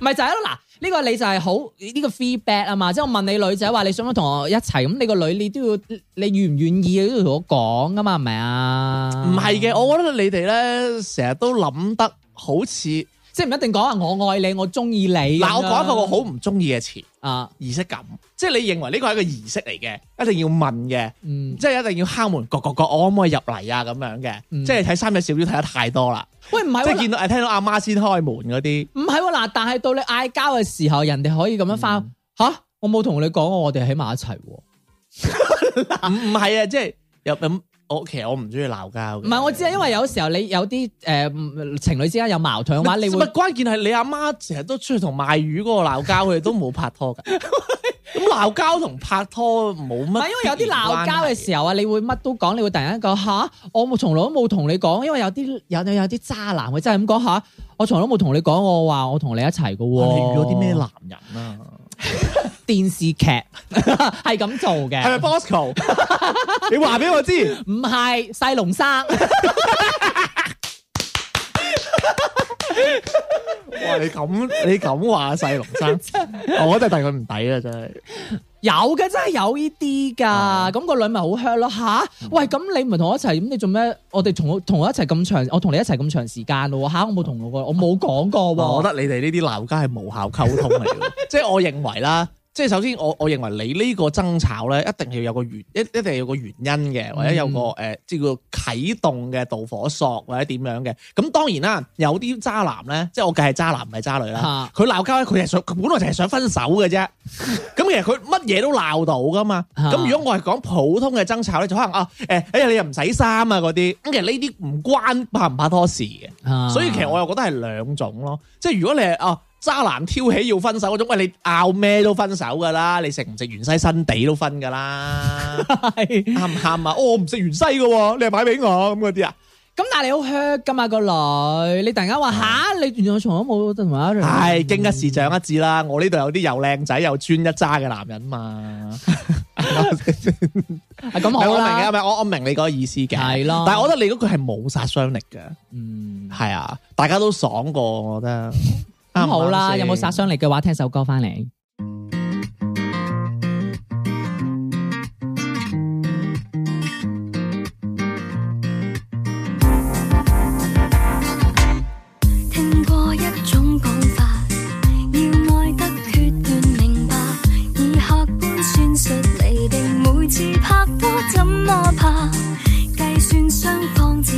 咪 [laughs] [laughs] 就係咯嗱，呢、這個你就係好呢、這個 feedback 啊嘛，即、就、係、是、我問你女仔話，你想唔想同我一齊？咁你個女你都要，你願唔願意都要同我講噶嘛？係咪啊？唔係嘅，我覺得你哋咧成日都諗得好似。即係唔一定講啊，我愛你，我中意你。嗱，我講一個我好唔中意嘅詞啊，儀式感，即係你認為呢個係一個儀式嚟嘅，一定要問嘅，嗯、即係一定要敲門，嗰嗰嗰，我可唔可以入嚟啊？咁樣嘅，嗯、即係睇三隻小豬睇得太多啦。喂，唔係，即係見到聽到阿媽先開門嗰啲，唔係嗱，但係到你嗌交嘅時候，人哋可以咁樣翻吓、嗯，我冇同你講過我哋喺埋一齊，唔係啊，即係、 [laughs] [laughs] 就是、入門。入我其實我唔中意鬧交。唔係我知啊，因為有時候你有啲誒情侶之間有矛盾嘅話，但你會關鍵係你阿媽成日都出去同賣魚嗰個鬧交，佢哋 [laughs] 都冇拍拖嘅。咁鬧交同拍拖冇乜。唔係因為有啲鬧交嘅時候啊，你會乜都講，你會突然間講吓，我冇從來都冇同你講，因為有啲有有啲渣男佢真係咁講吓，我從來都冇同你講我話我同你一齊噶、啊。你遇到啲咩男人啊？電視劇係咁做嘅，係咪 Bosco？ [laughs] 你話俾我知，唔係細龍生。 [laughs] 哇！你咁你咁話細龍生， [laughs] [laughs] oh, 我真係戥佢唔抵喇！真係。有嘅真係有依啲噶，咁、哦、個女咪好 hurt 咯吓！喂，咁你唔係同，同我一齊，咁你做咩？我哋同我同我一齊咁長，我同你一齊咁長時間咯吓！我冇同我過，我冇講過。我覺得你哋呢啲鬧交係無效溝通嚟嘅， [laughs] 即係我認為啦。即係首先，我我認為你呢個爭吵咧，一定要有個原一一定要有個原因嘅，或者有個誒，即叫啟動嘅導火索，或者點樣嘅。咁當然啦，有啲渣男咧，即係我梗係渣男唔係渣女啦，佢鬧交咧，佢係想本來就係想分手嘅啫。咁 [laughs] 其實佢乜嘢都鬧到噶嘛。咁如果我係講普通嘅爭吵咧，就可能啊誒哎呀你又唔使衫啊嗰啲。咁其實呢啲唔關拍唔拍拖事嘅啊。 [laughs] 所以其實我又覺得係兩種咯。即係如果你係啊。渣男挑起要分手嗰種，喂，你拗咩都分手噶啦，你食唔食芫茜新地都分噶啦，啱唔啱啊？我唔食芫茜噶，你係買俾我咁嗰啲啊？咁但係你好 hurt 噶嘛個女，你突然間話吓你原來從嚟都冇同埋，係經一事長一智啦。我呢度有啲又靚仔又專一渣嘅男人嘛，係咁我明嘅，咪我明你個意思嘅係咯，但係我覺得你嗰句係冇殺傷力嘅，嗯對，係啊，大家都爽過，我覺得。咁好啦，有冇殺傷力嘅話，聽首歌翻嚟。聽過一種講法，要愛得決斷明白，以客觀算術離地，每次拍拖怎麼拍？計算雙方自。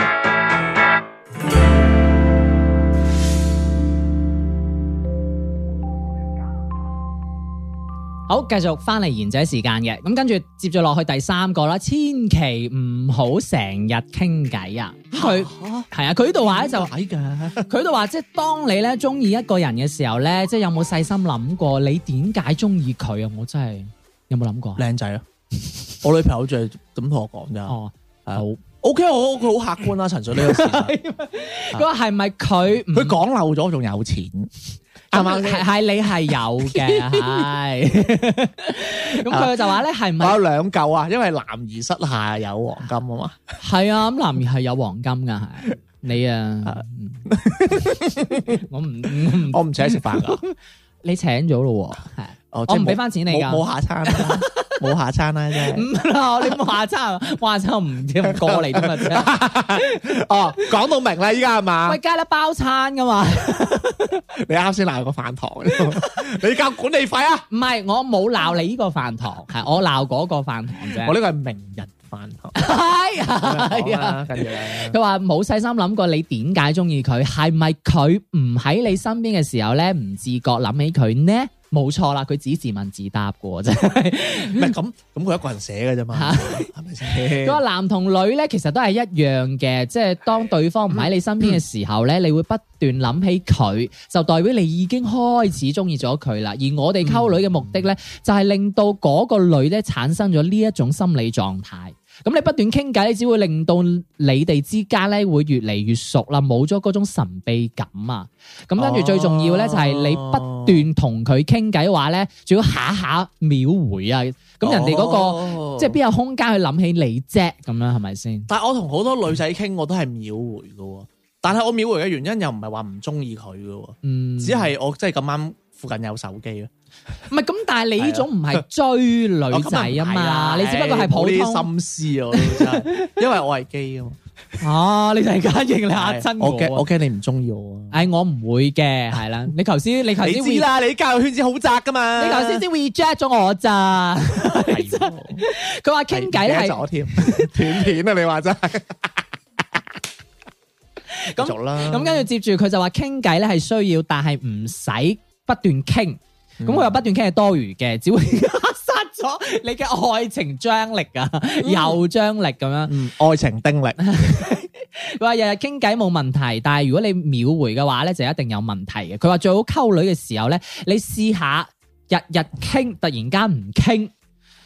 好，繼續翻嚟賢者時間嘅，咁跟住接住落去第三個啦，千祈唔好成日傾偈啊！佢係蛤他啊，佢呢度話咧就，係㗎，佢呢度話即係當你咧中意一個人嘅時候咧，即係有冇細心諗過你點解中意佢啊？我真係有冇諗過？靚仔啊，我女朋友就係咁同我講咋。哦、 [laughs] 啊，好，OK，我佢好客觀啦、啊，陳叔呢個事實、啊。佢話係咪佢？佢講漏咗，仲有錢。係係、嗯、你係有嘅，係咁佢就話咧係唔係？是是我有兩嚿啊，因為男兒膝下有黃金啊嘛。係 [laughs] 啊，咁男兒係有黃金㗎係。你啊， [laughs] 嗯、我唔、嗯、我唔請食飯㗎， [laughs] 你請咗咯、啊。Oh, 我唔俾翻錢你噶，冇沒下餐，冇 [laughs] 下餐啦，真係唔你冇下餐，下、 [laughs] [laughs] 哦、餐唔唔過嚟添啊！哦，講到明啦，依家係嘛？喂，家姐包餐噶嘛？你啱先鬧個飯堂，你交管理費啊？唔係，我冇鬧你呢個飯堂，堂，係我鬧嗰個飯堂啫。我呢個係名人飯堂。係啊，跟住咧，佢話冇細心諗過你，你點解中意佢？係咪佢唔喺你身邊嘅時候咧，唔自覺諗起佢呢？冇錯啦，佢自問自答嘅，真係，唔係咁咁佢一個人寫嘅啫嘛，嗰個男同女咧，其實都係一樣嘅，即係當對方唔喺你身邊嘅時候咧，你會不斷諗起佢，就代表你已經開始中意咗佢啦。而我哋溝女嘅目的咧，就係令到嗰個女咧產生咗呢一種心理狀態。咁你不斷傾偈，你只會令到你哋之間咧會越嚟越熟啦，冇咗嗰種神秘感啊！咁跟住最重要咧，就係你不斷同佢傾偈話咧，仲、哦、要下下秒回啊！咁人哋嗰、嗰個、哦、即係邊有空間去諗起你啫？咁樣係咪先？但係我同好多女仔傾，我都係秒回噶。但係我秒回嘅原因又唔係話唔中意佢噶，嗯、只係我即係咁啱附近有手機啊。唔係咁，但係你呢種唔係追女仔啊嘛，你只不過係抱啲心思啊，因為我係基 a 啊嘛。啊，你突然間認阿真我，OK OK，你唔中意我？哎，我唔會嘅，係啦。你頭先，你頭先知啦，你教育圈子好窄噶嘛。你頭先先 reject 咗我咋？佢話傾偈係，斷片啊！你話真係啦！咁，跟住接住佢就話傾偈咧係需要，但係唔使不斷傾。咁佢又不斷傾係多餘嘅，只會殺咗你嘅愛情張力啊，嗯、又張力咁樣、嗯，愛情定力。佢話日日傾偈冇問題，但係如果你秒回嘅話咧，就一定有問題嘅。佢話最好溝女嘅時候咧，你試下日日傾，突然間唔傾，咁、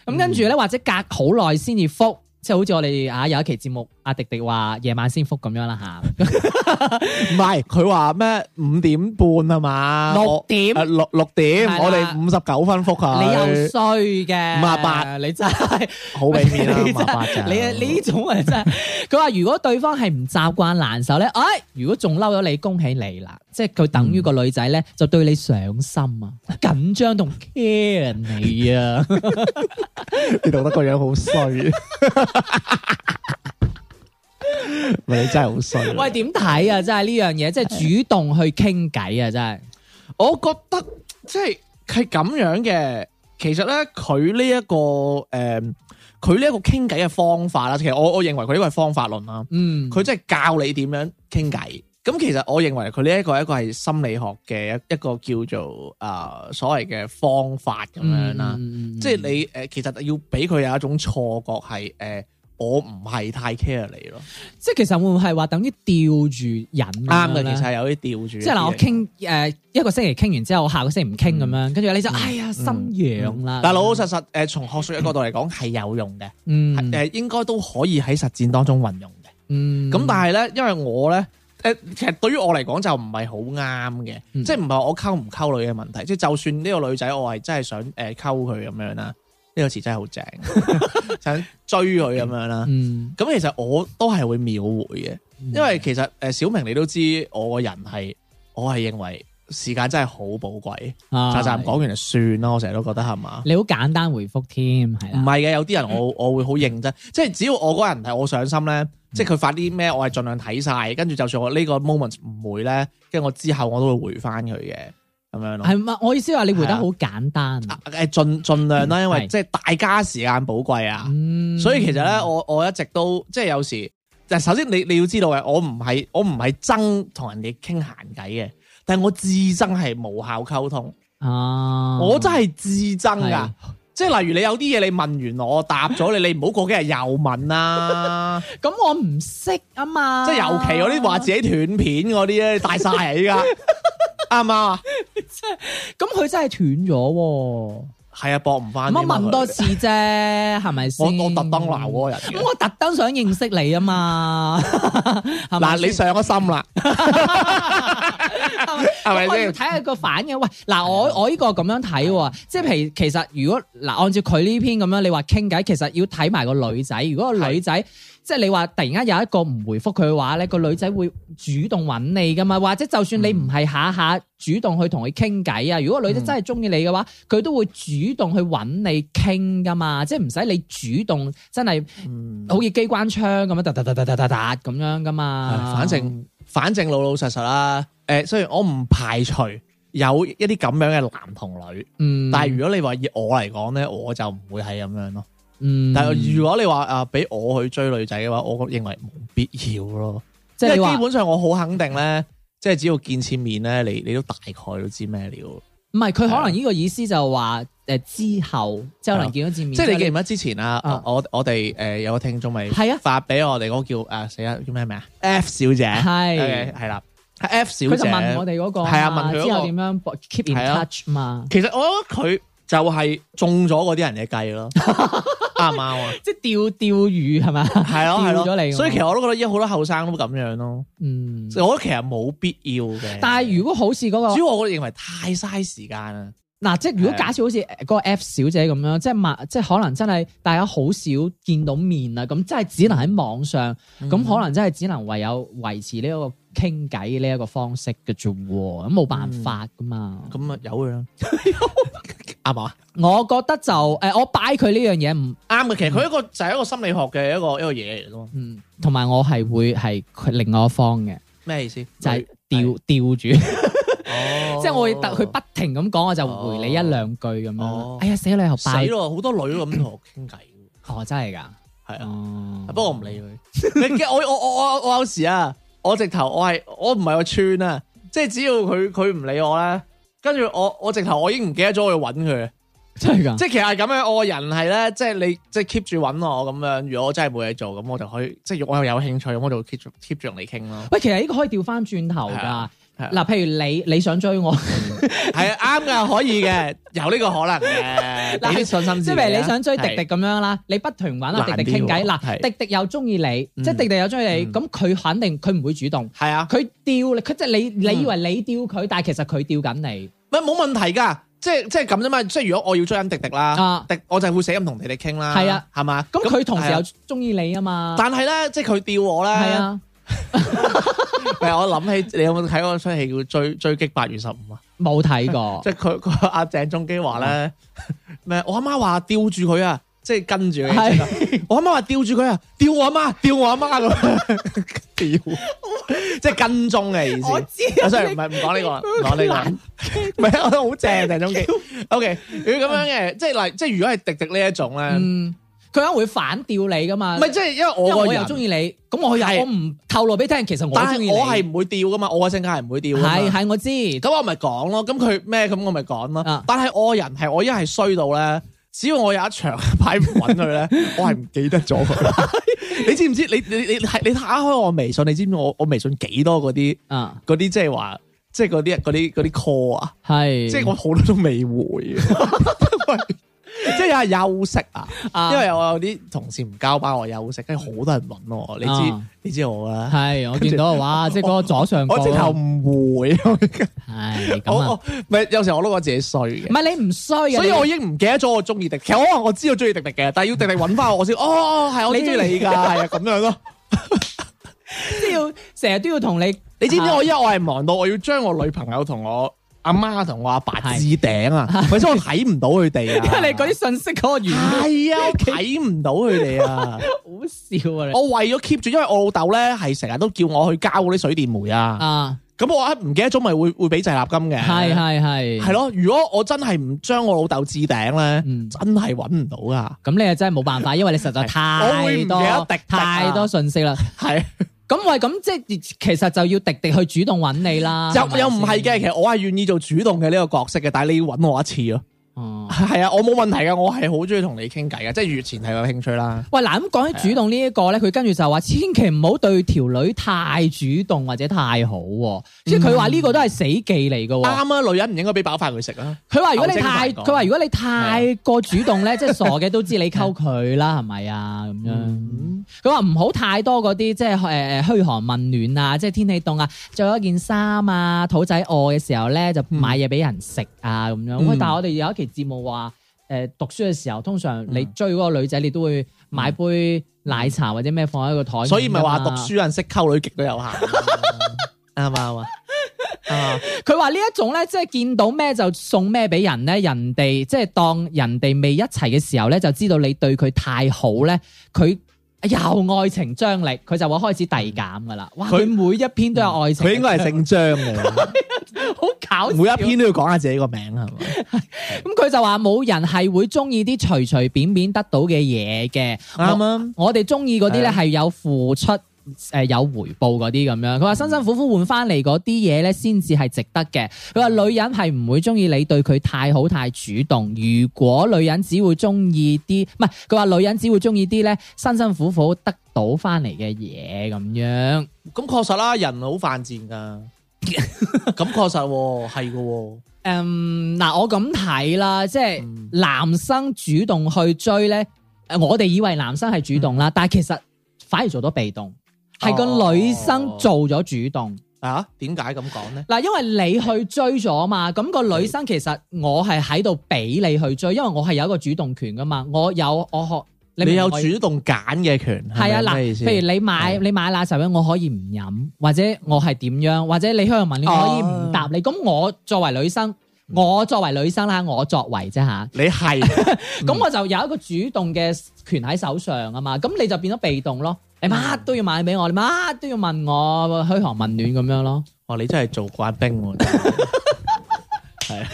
嗯、跟住咧或者隔好耐先至覆。即係好似我哋啊，有一期節目阿迪迪話夜晚先覆咁樣啦吓，唔係佢話咩五點半係嘛，六點六六點我哋五十九分覆啊，你又衰嘅，五十八，你真係好俾面啊你，啊呢種係真係佢話，如果對方係唔習慣難受咧，哎如果仲嬲咗你，恭喜你啦！即係佢等於個女仔咧、嗯、就對你上心啊，緊張同 care 你啊，你覺得個樣好衰？ [laughs] 喂，你真係好衰。喂，點睇啊？真係呢樣嘢，即係主動去傾偈啊！真係，我覺得即係係咁樣嘅。其實咧，佢呢一個誒，佢呢一個傾偈嘅方法啦。其實我我認為佢呢個係方法論啦。嗯，佢真係教你點樣傾偈。咁其實我認為佢呢一個一個係心理學嘅一個叫做誒，所謂嘅方法咁樣啦，即係你誒，其實要俾佢有一種錯覺係誒，我唔係太 care 你咯。即係其實會唔會係話等於吊住人？啱嘅，其實係有啲吊住。即係嗱，我傾誒一個星期傾完之後，我下個星期唔傾咁樣，跟住你就哎呀心癢啦。但老老實實誒，從學術嘅角度嚟講係有用嘅，嗯、誒應該都可以喺實戰當中運用嘅，嗯。咁但係咧，因為我咧。誒，其實對於我嚟講就唔係好啱嘅，嗯、即係唔係我溝唔溝女嘅問題，即係就算呢個女仔我係真係想誒溝佢咁樣啦，呢個詞真係好正，想追佢咁樣啦。咁其實我都係會秒回嘅，嗯、因為其實誒小明你都知我個人係，我係認為時間真係好寶貴，站站講完就算咯，我成日都覺得係嘛，你好簡單回復添，唔係嘅，有啲人我我會好認真，嗯、即係只要我嗰個人係我上心咧。即係佢發啲咩，我係盡量睇晒，跟住就算我呢個 moment 唔會咧，跟住我之後我都會回翻佢嘅，咁樣咯。係唔係？我意思話你回得好簡單，誒、啊，盡、啊、盡量啦，嗯、因為即係大家時間寶貴啊，嗯、所以其實咧，我我一直都即係有時，但係首先你你要知道嘅，我唔係我唔係憎同人哋傾閒偈嘅，但係我最憎係無效溝通啊，我真係最憎噶。即係例如你有啲嘢你問完我答咗你，你唔好過幾日又問啊！咁 [laughs] 我唔識啊嘛。即係尤其我啲話自己斷片嗰啲咧，你大晒 [laughs] [laughs] 啊依家，即、啊、嘛，咁佢 [laughs] 真係斷咗。係啊，博唔翻，乜、嗯、問多次啫，係咪先？我特、嗯、 [laughs] 我特登鬧嗰個人，咁我特登想認識你啊嘛。嗱 [laughs] 是， [laughs] 你上咗心啦，係咪先？我要睇下、 [laughs] 嗯、個反應。 [laughs] 喂，嗱，我我呢個咁樣睇，即係其其實如果嗱，按照佢呢篇咁樣，你話傾偈，其實要睇埋個女仔。如果個女仔，是即係你話突然間有一個唔回覆佢嘅話咧，個女仔會主動揾你噶嘛？或者就算你唔係下下主動去同佢傾偈啊，嗯、如果女仔真係中意你嘅話，佢都會主動去揾你傾噶嘛？即係唔使你主動真，真係好似機關槍咁樣噠噠噠噠噠噠咁樣噶嘛？嗯、反正、嗯、反正老老實實啦。誒，雖然我唔排除有一啲咁樣嘅男同女，嗯，但係如果你話以我嚟講咧，我就唔會係咁樣咯。嗯，但係如果你話誒俾我去追女仔嘅話，我覺認為冇必要咯，即係基本上我好肯定咧，即係只要見次面咧，你你都大概都知咩料。唔係，佢可能呢個意思就係話誒之後就能見到次面。啊、即係你記唔記得之前啊，啊我我哋誒、呃、有個聽眾咪係啊，發俾我哋嗰個叫誒死啦叫咩名啊？F 小姐，係係啦，F 小姐。啊、佢就問我哋嗰個係啊，問佢、嗰個、之後點樣 keep in touch 嘛、啊？其實我覺得佢。就係中咗嗰啲人嘅計咯，啱唔啱 [laughs] 啊， [laughs] 即係釣釣魚係咪？係咯係咯，釣咗你，所以其實我都覺得而家好多後生都咁樣咯，嗯，所以我覺得其實冇必要嘅，但係如果好似嗰個，主要我我認為太嘥時間啦。嗱，即係如果假設好似嗰個 F 小姐咁樣，即係即係可能真係大家好少見到面啦，咁真係只能喺網上，咁、嗯、哼可能真係只能唯有維持呢一個傾偈呢一個方式嘅啫，咁冇辦法噶嘛。咁啊、嗯、有嘅啦，啱唔啱？我覺得就誒，我擺佢呢樣嘢唔啱嘅，其實佢一個就係一個心理學嘅一個一個嘢嚟咯。嗯，同埋、嗯、我係會係佢另外一方嘅，咩意思？就係吊吊住。 [laughs] [laughs] 哦、即係我會特佢不停咁講，我就回你一兩句咁樣。哦哦、哎呀死女僕，死咯，好多女咁同我傾偈。 [coughs] 哦，真係噶係啊，嗯、我不過唔理佢。 [laughs] 我我我我我有時啊，我直頭我係我唔係我串啊，即係只要佢佢唔理我咧，跟住我我直頭我已經唔記得咗我去搵佢。真係噶即係其實係咁樣，我個人係咧，即係你即係 keep 住搵我咁樣。如果我真係冇嘢做，咁我就可以即係我又有興趣，咁我就 keep 住 keep 住同你傾咯。喂，其實呢個可以調翻轉頭噶。嗱，譬如你你想追我，係啊，啱嘅，可以嘅，有呢個可能嘅，俾啲信心，即係你想追迪迪咁樣啦，你不停揾啦，迪迪傾偈，嗱，迪迪又中意你，即係迪迪又中意你，咁佢肯定佢唔會主動，係啊，佢釣佢即係你，你以為你釣佢，但係其實佢釣緊你，咪冇問題噶，即係即係咁啫嘛，即係如果我要追緊迪迪啦，迪我就會死咁同迪迪傾啦，係啊，係嘛，咁佢同時又中意你啊嘛，但係咧，即係佢釣我啦。係啊。係，我諗起你有冇睇過嗰出戲叫《追追擊八月十五》啊？冇睇過，即係佢阿鄭中基話咧，咩？我阿媽話吊住佢啊，即係跟住佢。我阿媽話吊住佢啊，吊我阿媽，吊我阿媽咁樣，吊，即係跟蹤嘅意思。阿 sorry，唔係唔講呢個，唔講呢個，唔係，我覺得好正鄭中基。OK，如果咁樣嘅、嗯，即係嚟，即係如果係迪迪呢一種咧。嗯佢啱會反掉你噶嘛？唔係，即係因為我我又中意你，咁我又我唔透露俾聽，其實我中意你但係我係唔會掉噶嘛，我個性格係唔會掉。係係，我知。咁我咪講咯。咁佢咩？咁我咪講咯。但係我人係我一係衰到咧，只要我有一場擺唔穩佢咧，我係唔記得咗佢。你知唔知？你你你係你打開我微信，你知唔知我我微信幾多嗰啲啊？嗰啲即係話即係嗰啲嗰啲嗰啲 call 啊？係，即係我好多都未回。即係有係休息啊，因為我有啲同事唔交班我休息，跟住好多人揾我，你知、啊、你知我啊？係我見到嘅話後，即係嗰個左上角，我直頭唔回。係咁啊，咪有時候我都覺得自己衰嘅。咪你唔衰啊！所以我已經唔記得咗我中意迪，其實可我，我知道中意迪迪嘅，但係要迪迪揾翻我先。哦，係我中意你噶，係啊，咁樣咯。即係要成日都要同你，你知唔知我因為我係忙到我要將我女朋友同我。阿媽同我阿爸，爸置頂啊，所以是 [laughs] 我睇唔到佢哋啊，因為你嗰啲信息嗰個源係啊，我睇唔到佢哋啊， [laughs] 好笑啊！我為咗 keep 住，因為我老豆咧係成日都叫我去交嗰啲水電煤啊，咁、啊、我一唔記得咗咪會會俾滯納金嘅，係係係，係咯、啊。如果我真係唔將我老豆置頂咧，嗯、真係揾唔到啊。咁你又真係冇辦法，因為你實在太多滴滴滴、啊、太多信息啦，係。 [laughs] 咁喂，咁即係其實就要迪迪去主動揾你啦。就又唔係嘅，其實我係願意做主動嘅呢個角色嘅，但係你要揾我一次咯。哦，係啊，我冇問題噶，我係好中意同你傾偈噶，即係月前係有興趣啦。喂，嗱，咁講起主動呢一個咧，佢跟住就話，千祈唔好對條女太主動或者太好，即係佢話呢個都係死忌嚟噶。啱啊，女人唔應該俾飽飯佢食啊。佢話如果你太，佢話如果你太過主動咧，即係傻嘅都知你溝佢啦，係咪啊？咁樣，佢話唔好太多嗰啲即係誒誒噓寒問暖啊，即係天氣凍啊，着咗件衫啊，肚仔餓嘅時候咧就買嘢俾人食啊咁樣。但係我哋有節目話，誒、呃，讀書嘅時候，通常你追嗰個女仔，嗯、你都會買杯奶茶或者咩放喺個台、嗯，所以咪話讀書人識溝女極都有限，啱嘛、 [laughs] 啊？啊，佢話呢一種咧，即、就、係、係、見到咩就送咩俾人咧，人哋即係當人哋未一齊嘅時候咧，就知道你對佢太好咧，佢。由愛情張力，佢就會開始遞減噶啦。哇！佢他每一篇都有愛情張力。佢、嗯、應該係姓張嘅，好搞笑。每一篇都要講下自己個名係嘛？咁佢就話冇人係會中意啲隨隨便便得到嘅嘢嘅。啱啊、嗯！我哋中意嗰啲咧，係有付出。誒，有回報嗰啲咁樣，佢話辛辛苦苦換翻嚟嗰啲嘢咧，先至係值得嘅。佢話女人係唔會中意你對佢太好太主動，如果女人只會中意啲，唔係佢話女人只會中意啲咧，辛辛苦苦得到翻嚟嘅嘢咁樣。咁確實啦，人好犯賤噶，咁確實係噶。嗯，嗱，我咁睇啦，即係男生主動去追咧，誒，我哋以為男生係主動啦，嗯、但係其實反而做到被動。係個女生做咗主動啊？點解咁講咧？嗱，因為你去追咗嘛，咁個女生其實我係喺度俾你去追，因為我係有一個主動權噶嘛，我有我學你有主動揀嘅權係啊嗱，譬如你買你買奶茶飲，我可以唔飲，或者我係點樣，或者你去問，你可以唔答你。咁我作為女生，我作為女生啦，我作為啫吓，你係咁我就有一個主動嘅權喺手上啊嘛，咁你就變咗被動咯。你乜都要買俾我，你乜都要問我噓寒問暖咁樣咯。哇，你真係做慣兵，係啊。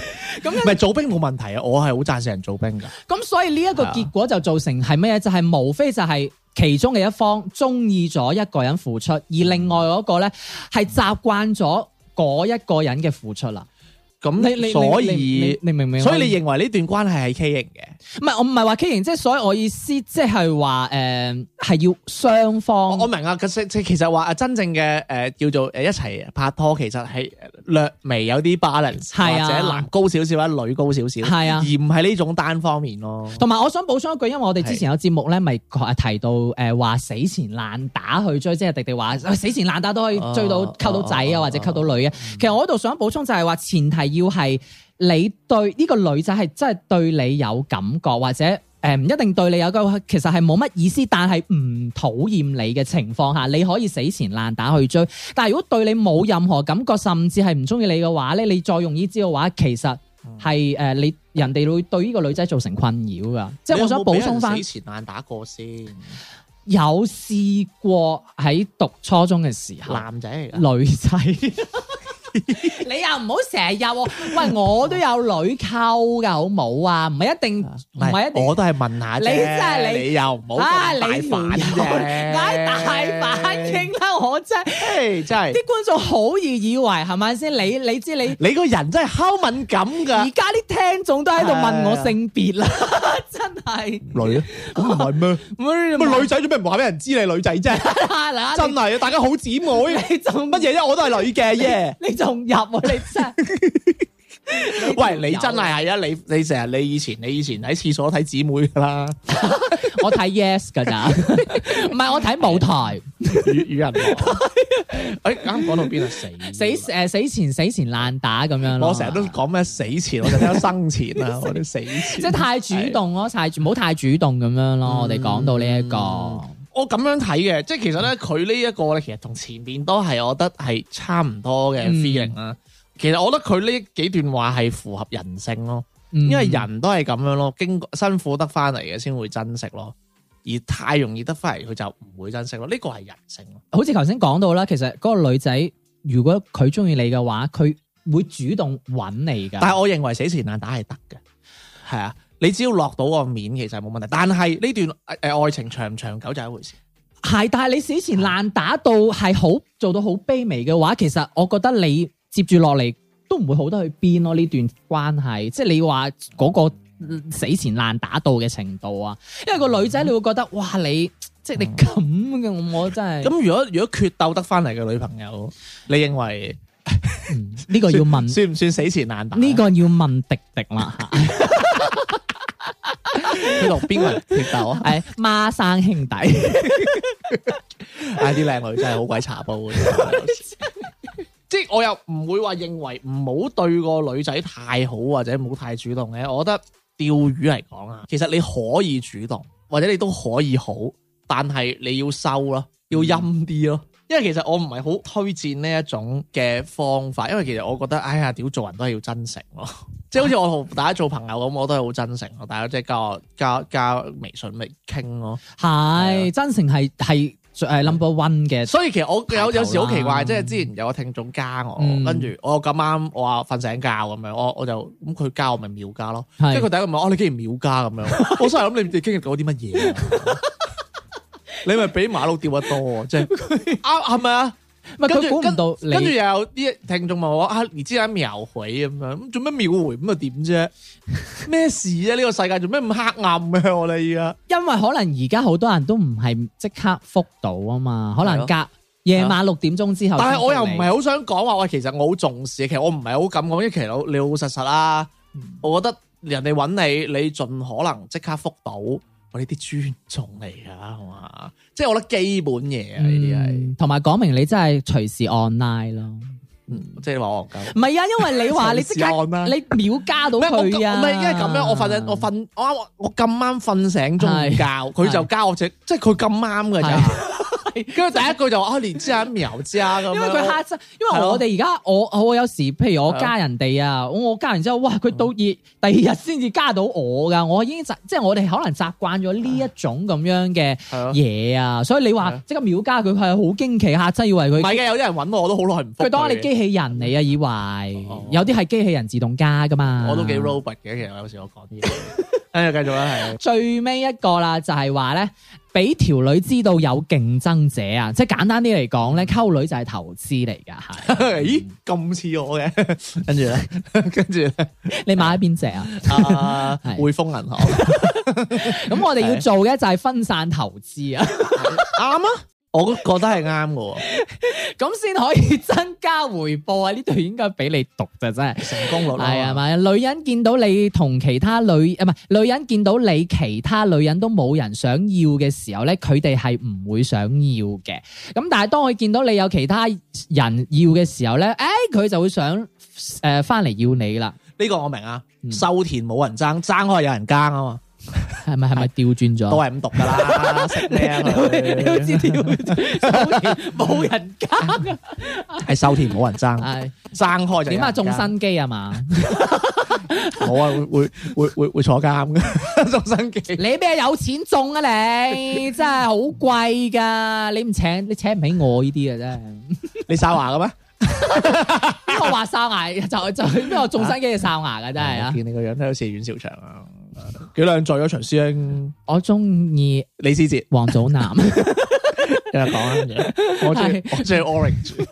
唔係做兵冇問題啊，我係好贊成人做兵噶。咁所以呢一個結果就造成係咩嘢？就係、是、無非就係其中嘅一方中意咗一個人付出，而另外嗰個咧係習慣咗嗰一個人嘅付出啦。咁你你所以你，你，你明唔明？所以你認為呢段關係係畸形嘅？唔係，我唔係話畸形，即係所以我意思即係話誒係要雙方我。我明啊，即係其實話誒真正嘅、誒叫做誒一齊拍拖，其實係。呃略微有啲 balance、啊、或者男高少少或者女高少少，啊、而唔係呢種單方面咯。同埋我想補充一句，因為我哋之前有節目咧，咪提到誒話、呃、死纏爛打去追，即係迪迪話死纏爛打都可以追到溝到仔啊，啊或者溝到女啊。啊啊、其實我喺度想補充就係話，前提要係你對呢、呢個女仔係真係對你有感覺，或者。誒，唔一定對你有句，其實係冇乜意思，但係唔討厭你嘅情況下，你可以死纏爛打去追。但係如果對你冇任何感覺，甚至係唔中意你嘅話咧，你再用呢招嘅話，其實係誒，你人哋會對呢個女仔造成困擾噶。嗯、即係我想補充翻，死纏爛打過先，有試過喺讀初中嘅時候，男仔嚟噶，女仔生笑。你又唔好成日入喎，喂！我都有女溝噶，好冇啊？唔係一定，唔係一定，我都係問下。你真係你又唔好大反應，大反應啦！我真係真係啲觀眾好易以為係咪先？你你知你你個人真係敲敏感噶。而家啲聽眾都喺度問我性別啦，真係女啊？咁唔係咩？咪女仔做咩唔話俾人知你女仔啫？真係，大家好姊妹，你做乜嘢咧？我都係女嘅耶。仲入啊！你真， [laughs] 你喂，你真係係啊！你你成日你以前你以前喺廁所睇姊妹噶啦， [laughs] 我睇 YES 噶咋，唔 [laughs] 係我睇舞台粵語人。哎、 [laughs] 欸，啱講到邊度死死誒、呃，死前死前爛打咁樣咯。我成日都講咩死前，我就聽到生前啊！ [laughs] 我哋死前即係太主動咯，的太唔好太主動咁樣咯。嗯、我哋講到呢、這、一個。我咁樣睇嘅，即係其實咧，佢呢一個咧，其實同前面都係，我覺得係差唔多嘅 feeling 啦。嗯、其實我覺得佢呢幾段話係符合人性咯，嗯、因為人都係咁樣咯，經過辛苦得翻嚟嘅先會珍惜咯，而太容易得翻嚟佢就唔會珍惜咯。呢個係人性咯。好似頭先講到啦，其實嗰個女仔，如果佢中意你嘅話，佢會主動揾你噶。但係我認為死纏爛打係得嘅，係啊。你只要落到個面，其實冇問題。但係呢段誒愛情長唔長久就係一回事。係，但係你死纏爛打到係好、嗯、做到好卑微嘅話，其實我覺得你接住落嚟都唔會好得去邊咯。呢段關係，即係你話嗰個死纏爛打到嘅程度啊，嗯、因為個女仔你會覺得、嗯、哇，你即係你咁嘅，嗯、我真係。咁如果如果決鬥得翻嚟嘅女朋友，你認為呢、嗯這個要問 [laughs] 算唔算，算死纏爛打？呢個要問迪迪啦吓。 [laughs] 你落邊位決鬥啊？係孖、哎、生兄弟，啲 [laughs] 靚、哎、女真係好鬼茶煲， [laughs] [laughs] 即係我又唔會話認為唔好對個女仔太好或者唔好太主動嘅。我覺得釣魚嚟講啊，其實你可以主動或者你都可以好，但係你要收咯，要陰啲咯。嗯、因為其實我唔係好推薦呢一種嘅方法，因為其實我覺得，哎呀，屌做人都係要真誠咯。即係好似我同大家做朋友咁，我都係好真誠。大家即係加加加微信咪傾咯。係是、啊、真誠係係誒 number one 嘅。所以其實我有有時好奇怪，即係之前有個聽眾加我，跟住我咁啱我話瞓醒覺咁樣，我我就咁佢加我咪秒加咯。是即係佢第一個問我：你竟然秒加咁樣？我心諗你、啊、 [laughs] 你今日講啲乜嘢？你咪俾馬騮掉得多，即係啱啱咪。 [laughs] 啊是唔係，跟住，估唔到，跟住又有啲聽眾問我啊，而家秒回咁樣，咁做咩秒回咁啊？點啫？咩事啊？呢、這個世界做咩咁黑暗嘅我哋而家？因為可能而家好多人都唔係即刻復到啊嘛，可能隔夜晚六點鐘之後。但係我又唔係好想講話，喂，其實我好重視，其實我唔係好敢講，即係老老老實實啦、啊。我覺得人哋搵你，你盡可能即刻復到。我呢啲尊重嚟噶，好嘛？即係我覺得基本嘢啊，呢啲係。同埋講明你真係隨時 online 咯，嗯，即係話唔係啊，嗯、因為你話你即刻你秒加到佢啊，唔係因為咁樣，我瞓我瞓我我咁啱瞓醒中午覺，佢是就加我只，即係佢咁啱嘅就是。是 [laughs] 跟住第一句就話連加秒加咁，因為佢吓親，因為我哋而家我我有時，譬如我加人哋啊，我加完之後，哇，佢到二第二日先至加到我噶，我已經即係我哋可能習慣咗呢一種咁樣嘅嘢啊，所以你話即刻秒加佢係好驚奇吓親以為佢，唔係嘅，有啲人搵我，我都好耐唔覆佢當你機器人嚟啊，以為有啲係機器人自動加噶嘛，我都幾 robot 嘅，其實有時我講啲嘢，跟住繼續啦，係最尾一個啦，就係話咧。俾條女知道有競爭者啊！即係簡單啲嚟講咧，溝女就係投資嚟㗎，係。 [laughs] 咦，咁似我嘅？ [laughs] 跟住著咧呢，跟住咧，你買喺邊隻啊？啊，係匯豐銀行,行。咁 [laughs] [laughs] [laughs] 我哋要做嘅就係分散投資啊。啱啊！ [laughs] [laughs] 我都覺得係啱嘅，咁先可以增加回報啊！呢度應該俾你讀就真係成功率啦。係啊，嘛，女人見到你同其他女啊，唔係女人見到你其他女人都冇人想要嘅時候咧，佢哋係唔會想要嘅。咁但係當佢見到你有其他人要嘅時候咧，誒，佢就會想誒翻嚟要你啦。呢個我明啊，收田冇人爭，爭開有人耕啊嘛。係咪係咪調轉咗？都係咁讀噶啦，識咩啊？你你知唔知？收田冇人耕，係收田冇人爭，係爭開就點啊？種生機啊嘛？冇啊！會會會會會坐監嘅，種生機。你咩有錢種啊？你真係好貴噶！你唔請，你請唔起我呢啲啊？真係 [laughs] 你哨牙嘅咩？邊個話哨牙就就邊個種生機哨牙嘅真係啊！見你個樣都好似阮兆祥啊！幾靚在咗場書英，我中意李思捷、黃祖藍，日講啱嘢。我中 [laughs] 是我中意 Orange，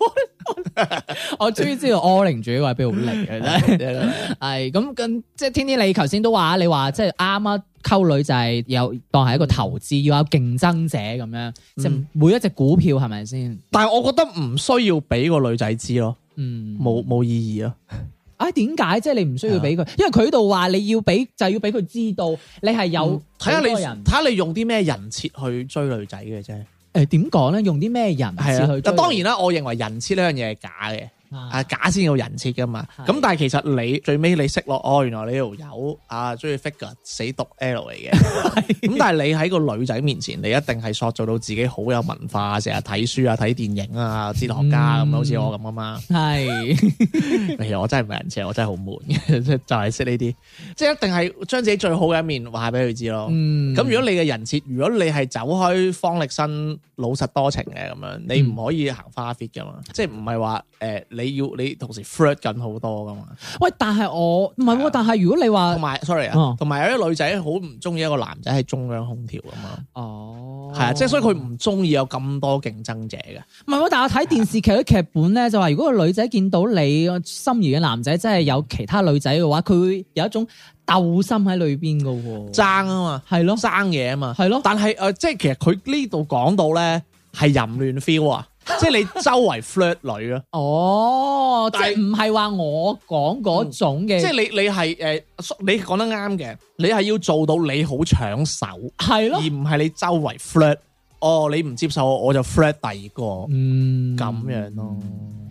[laughs] [laughs] 我終於知道 Orange 係邊度嚟嘅，真係咁咁，即係天天你。你頭先都話，你話即係啱啊，溝女就係又當係一個投資，要有競爭者咁樣，嗯、即係每一隻股票係咪先？是是但係我覺得唔需要俾個女仔知咯，嗯，冇冇意義啊。 [laughs] 啊，點解、哎、即係你唔需要俾佢？因為佢度話你要俾，就要俾佢知道你係有睇下、嗯、你睇下你用啲咩人設去追女仔嘅啫。誒，點講咧？用啲咩人設去追女仔？嗱，當然啦，我認為人設呢樣嘢係假嘅。啊假先、啊、有人設噶嘛，咁是但係其實你最尾你識落哦，原來你度有啊中意 figure 死讀 L 嚟嘅。咁是但係你喺個女仔面前，你一定係塑造到自己好有文化，成日睇書啊、睇電影啊、哲學家咁，好似、嗯、我咁啊嘛。係是， [laughs] 哎呀，我真係唔係人設，我真係好悶嘅，即就係識呢啲，即係一定係將自己最好嘅一面話俾佢知咯。咁、嗯嗯、如果你嘅人設，如果你係走開方力申老實多情嘅咁樣，你唔可以行花 fit 噶嘛，嗯、即係唔係話。誒，你要你同時 fight 緊好多噶嘛？喂，但係我唔係，啊啊、但係如果你話同埋，sorry 啊，同埋、哦、有啲女仔好唔中意一個男仔係中央空調噶嘛？哦，係啊，即係所以佢唔中意有咁多競爭者嘅。唔係，但係我睇電視劇啲劇本咧，就話如果個女仔見到你心儀嘅男仔，即係有其他女仔嘅話，佢會有一種鬥心喺裏邊噶、啊啊啊，爭啊嘛，係咯、啊，爭嘢啊嘛，係、呃、咯。但係誒，即係其實佢呢度講到咧，係淫亂 feel 啊。即係你周圍 flirt 女啊？哦，但係唔係話我講嗰種嘅，即係你你係誒，你講得啱嘅，你係要做到你好搶手，係咯，而唔係你周圍 flirt 哦，你唔接受我就 flirt 第二個，嗯，咁樣咯，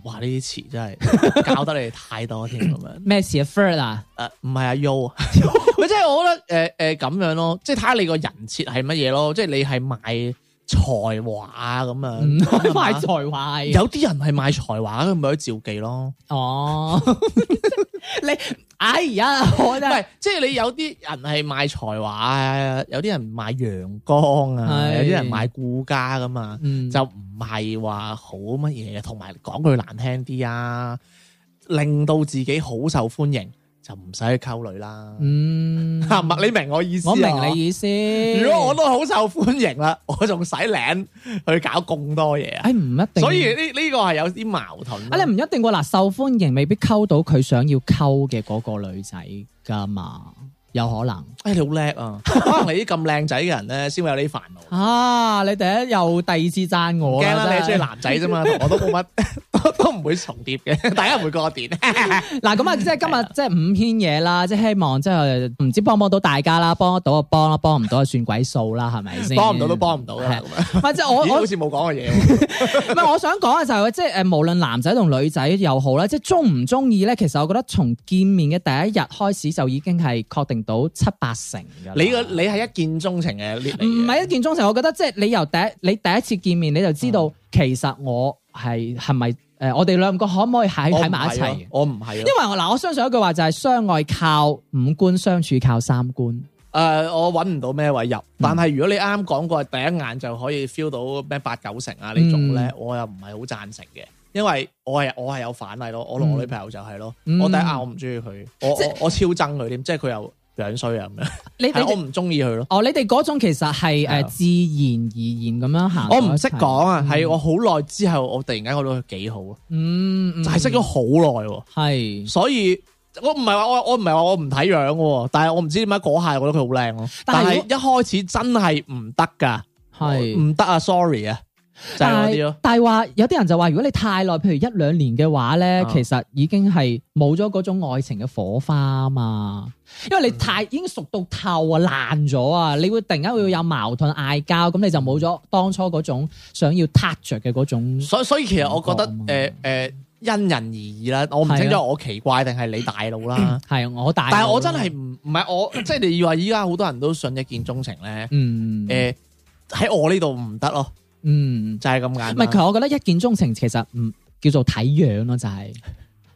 哇，呢啲詞真係搞得你太多添咁樣，咩事啊 flirt 啊，誒，唔係啊，U，即係我覺得誒誒咁樣咯，即係睇下你個人設係乜嘢咯，即係你係賣。才華咁、嗯、啊，賣才華。有啲人係賣才華，咪可以照計咯。哦， [laughs] 你哎呀，唔係，即係你有啲人係賣才華啊，有啲人賣陽光啊，是有啲人賣顧家噶嘛，嗯、就唔係話好乜嘢嘅，同埋講句難聽啲啊，令到自己好受歡迎。就唔使去溝女啦。嗯，唔係 [laughs] 你明我意思？我明你意思？我明你意思。如果我都好受歡迎啦，我仲使領去搞咁多嘢啊？誒，唔一定。所以呢呢個係有啲矛盾。啊，你唔一定喎，嗱，受歡迎未必溝到佢想要溝嘅嗰個女仔㗎嘛。有可能，哎你好叻啊！可能你啲咁靚仔嘅人咧，先會有啲煩惱啊！你第一又第二次讚我，驚啦！你中意男仔啫嘛，我都冇乜，都唔會重疊嘅，大家唔會過電。嗱，咁啊，即係今日即係五篇嘢啦，即係希望即係唔知幫唔幫到大家啦，幫得到就幫啦，幫唔到就算鬼數啦，係咪先？幫唔到都幫唔到嘅，即係我好似冇講過嘢，唔係我想講嘅就係即係誒，無論男仔同女仔又好咧，即係中唔中意咧，其實我覺得從見面嘅第一日開始就已經係確定。到七八成嘅，你個你係一見鍾情嘅？唔係一見鍾情，我覺得即係你由第一你第一次見面你就知道，其實我係係咪誒？我哋兩個可唔可以喺喺埋一齊？我唔係、啊，因為我嗱，我相信一句話就係相愛靠五官，相處靠三觀。誒、呃，我搵唔到咩位入，嗯、但係如果你啱啱講過第一眼就可以 feel 到咩八九成啊、嗯、種呢種咧，我又唔係好贊成嘅，因為我係我係有反例咯。我同我女朋友就係咯，嗯、我第一眼我唔中意佢，我我我，我超憎佢添，即係佢又。樣衰啊！咁樣，你 [laughs] 我唔中意佢咯。哦，你哋嗰種其實係誒自然而然咁樣行。我唔識講啊，係、嗯、我好耐之後，我突然間覺得佢幾好。啊、嗯。嗯，就係識咗好耐。係，所以我唔係話我我唔係話我唔睇樣嘅，但係我唔知點解嗰下我覺得佢好靚咯。但係一開始真係唔得噶，係唔得啊！Sorry 啊！就係嗰啲咯，但係話有啲人就話，如果你太耐，譬如一兩年嘅話咧，哦、其實已經係冇咗嗰種愛情嘅火花啊嘛，因為你太已經熟到透啊，爛咗啊，你會突然間會有矛盾嗌交，咁你就冇咗當初嗰種想要 touch 著嘅嗰種。所以所以其實我覺得誒誒、嗯呃、因人而異啦，我唔清楚我奇怪定係你大佬啦。係、嗯啊、我大，但係我真係唔唔係我，即係你以為依家好多人都信一見鍾情咧。嗯，誒喺、呃、我呢度唔得咯。嗯，就係咁硬。唔係，其實我覺得一見鍾情其實唔叫做睇樣咯，就係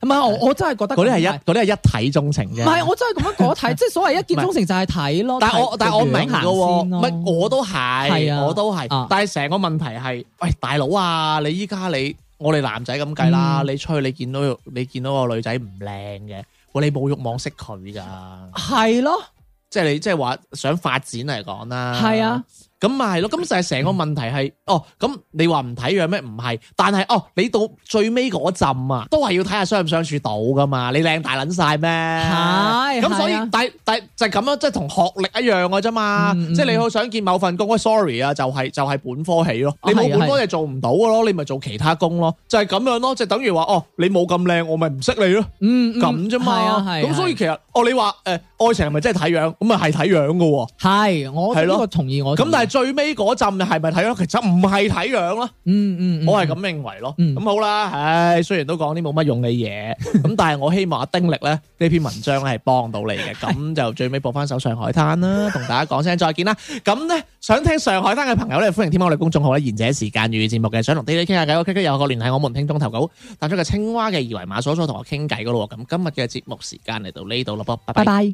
唔係？我我真係覺得嗰啲係一嗰啲係一睇鍾情。唔係，我真係咁樣講睇，即係所謂一見鍾情就係睇咯。但係我但係我明噶，唔係我都係，係啊，我都係。但係成個問題係，喂大佬啊，你依家你我哋男仔咁計啦，你出去你見到你見到個女仔唔靚嘅，喂你冇欲望識佢噶，係咯？即係你即係話想發展嚟講啦，係啊。咁咪係咯，咁就係成個問題係哦，咁你話唔睇樣咩？唔係，但係哦，你到最尾嗰陣啊，都係要睇下相唔相處到噶嘛？你靚大捻晒咩？係，咁所以但但就係咁樣，即係同學歷一樣噶啫嘛。即係你好想見某份工，我 sorry 啊，就係就係本科起咯。你冇本科你做唔到噶咯，你咪做其他工咯，就係咁樣咯，即係等於話哦，你冇咁靚，我咪唔識你咯，嗯，咁啫嘛。係，咁所以其實哦，你話誒。愛情係咪真係睇樣咁啊？係睇樣嘅喎。係，我係咯，同意我。咁但係最尾嗰陣係咪睇樣？其實唔係睇樣咯。嗯嗯，我係咁認為咯。咁好啦，唉，雖然都講啲冇乜用嘅嘢，咁但係我希望丁力咧呢篇文章咧係幫到你嘅。咁就最尾播翻首《上海灘》啦，同大家講聲再見啦。咁咧想聽《上海灘》嘅朋友咧，歡迎添加我哋公眾號咧，賢者時間粵語節目嘅，想同 DJ 傾下偈，DJ 有個聯繫我們聽眾投稿，帶住個青蛙嘅二維碼鎖鎖同我傾偈噶咯。咁今日嘅節目時間嚟到呢度咯，啵，拜拜。